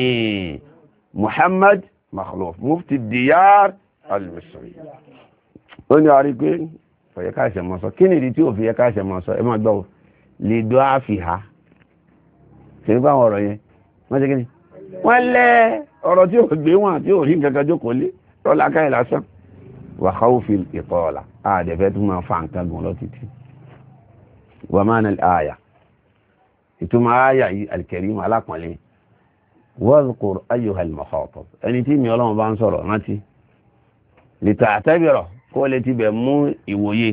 muhammad makhluf mufti diyar al-misri ó ní àrí pé ọ̀yẹ́ káṣẹ̀ mọ́ sọ kí ni ìdí tí ò fi yẹ káṣẹ̀ mọ́ sọ ẹ máa gbọ́ lè dọ́ àfihà ṣe ń bá àwọn ọ̀rọ̀ yẹn wọ́n lẹ́ ọ̀rọ̀ tí ò gbé wọn àti ò nǹkan kan jókòó lé tọ́lá káyì lásán wà káwọ́fì ìtọ́ ọ̀la àdẹ̀fẹ́ tó máa fa nǹkan gùn lọ títí wà máa nà àyà ìtumọ̀ àyà yìí alkarim alákùnrin wọ́ọ̀dùkùr ayuhal mọ̀kọ́tọ̀ ẹni tí mi ọlọ́run bá ń sọ̀rọ̀ rántí lìtà àtẹ́bìrọ̀ kó lè ti bẹ̀ mú ìwòye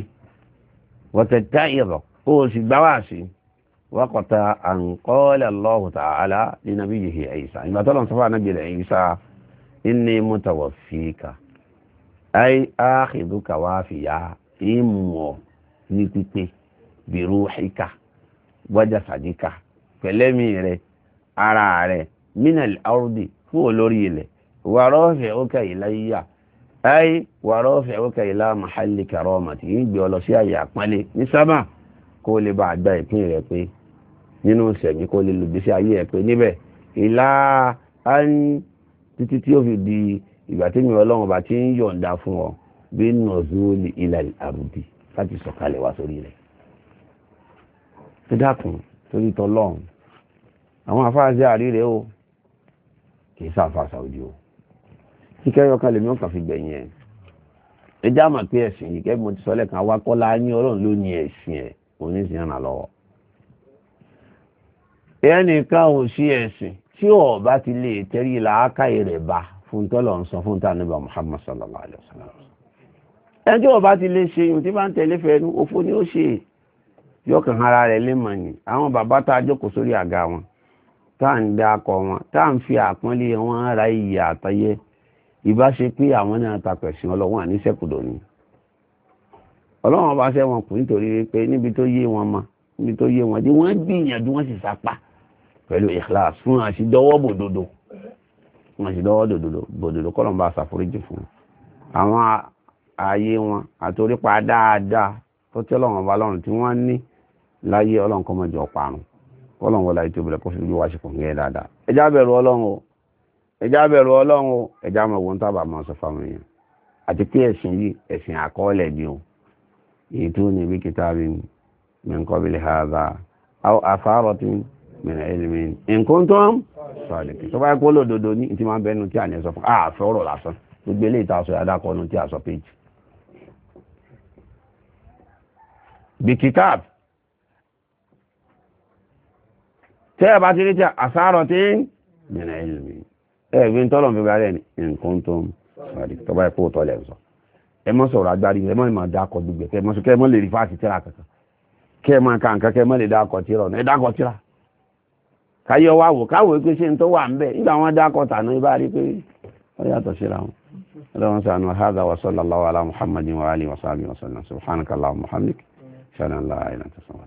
wọ́tẹ̀tẹ̀ ìrọ̀ kó o sì gbá wá sí wákọ̀tà àǹkọ́lẹ̀ lọ́hùtà àlá ní nàbí yìí ẹ̀yìn sá ìgbà tọ́lọ̀ inni mutawaffika ay akhiduka wafiya imuo ní pípé bi ruhika wa jasadika pelemi rẹ̀ ara rẹ̀ min al ardi fu olórí ilẹ̀ wa rafi'uka ilayya ay wa rafi'uka ila mahalli karamati gbé ọ lọ sí àyè àpọ́nlé ní sábà kó lè gba ìpín rẹ̀ pé nínú sẹ̀mí kó lè lòdì sí ayé ẹ̀ pé níbẹ̀ ìlà á ń títí tí ó fi di ìgbà tí mi ọlọ́run bá ti ń yọ̀ǹda fún ọ bí nùzúlì ilà àrùdì láti sọ̀kalẹ̀ wá sórí rẹ̀ tó dákun torí tọlọ́run àwọn afáàzẹ àríre o kìí sáfà sàwùjì o kíkẹ́ yọkan lèmi ọkàn fi gbẹ̀yìn ẹ̀ ẹ já mà pé ẹ̀sìn yìí kẹ́bí mo ti sọ lẹ́ẹ̀kan wá ní ọlọ́run ló ní ẹ̀sìn ẹ̀ oníṣìíràn lọ́wọ́ ẹnìkan ò sí ẹ̀sìn tí ó bá ti lè tẹ́rí làákàyè rẹ̀ bá fún tọ́lọ̀ ń sọ fún tánibà Muhammad sallallahu alaihi wasallam ẹni tí ó bá ti lè ṣe yìí tí bá ń tẹ̀lé fẹ́nu òfò ni ó ṣe yóò kàn ara rẹ̀ lè mọ̀ ní àwọn bàbá tá a jókòó sórí àga wọn tá à ń da akọ wọn tá à ń fi àpọ́nlé wọn ara iyì àtọyẹ ìbáṣe pé àwọn náà takọ̀ ẹ̀sìn ọlọ́wọ́n àníṣẹ́kùdò ni ọlọ́wọ́n bá ṣẹ́ wọn kù nítorí pé níbi tó yé wọn mọ níbi tó yé wọn dé wọ́n gbìyànjú wọ́n sì sapá pẹ̀lú ikhlas fún àṣìdọ́wọ́ bòdodo wọn sì dọ́wọ́ dòdòdò bòdòdò kọ́lọ̀ bá ṣàforíjì fún àwọn ààyè wọn àtorípa dáadáa tó tí ọlọ́run ọba lọ́run tí wọ́n ní láyé ọlọ́run kọ́ mọ́jọ parun kọ́lọ̀ wọlé ayé tó bẹ̀rẹ̀ kó fi ojú wa ṣe kò ń gẹ́ dáadáa ẹjá bẹ̀rù ọlọ́run o ẹjá bẹ̀rù ọlọ́run o ẹjá mọ̀ wọn tábà máa sọ fáwọn èèyàn àti pé ẹ̀sìn yìí ẹ̀sìn àkọọ́lẹ̀ ni o èyí tó ní bí kitabin min qabli hadha aw atharatin mìnà ẹlẹ́mì nǹkan tó ń sọ̀dẹ̀kì tó bá kó lòdòdó ní ti máa bẹnu tí a ní sọ fún ààfẹ́ ah, ọ̀rọ̀ lásán gbogbo ilé ìtaṣọ adákọ̀ọ́nù tí a sọ péjì. bikitab tẹ́ ẹ bá ti rí tí àṣàrọ̀ tí mìnà ẹlẹ́mì ẹ̀gbìn tọ́lọ̀ fi gbárẹ̀ ní nǹkan tó ń sọ̀dẹ̀kì tó bá kó tọ́lẹ̀ sọ ẹ mọ́ sọ̀rọ̀ agbárí ẹ mọ́ ìmọ̀ dákọ̀ gbogbo ẹ mọ́ lè rí fáàsì tíra kankan kẹ́ ẹ máa ka nǹkan kẹ́ ẹ mọ́ lè dákọ̀ tíra ọ̀nà ẹ dákọ̀ tíra káyọ̀ wá wò káwò pé ṣe ń tó wà ń bẹ̀ nígbà wọn dákọ̀ tànú ibà rí pé ó yàtọ̀ síra wọn ọlọ́run sànù hadha wa sallallahu ala muhammadin wa alihi wa sahbihi wa sallam subhanaka allahumma wa bihamdik ṣẹlẹ̀ ńlá àìlànà tó sọ̀rọ̀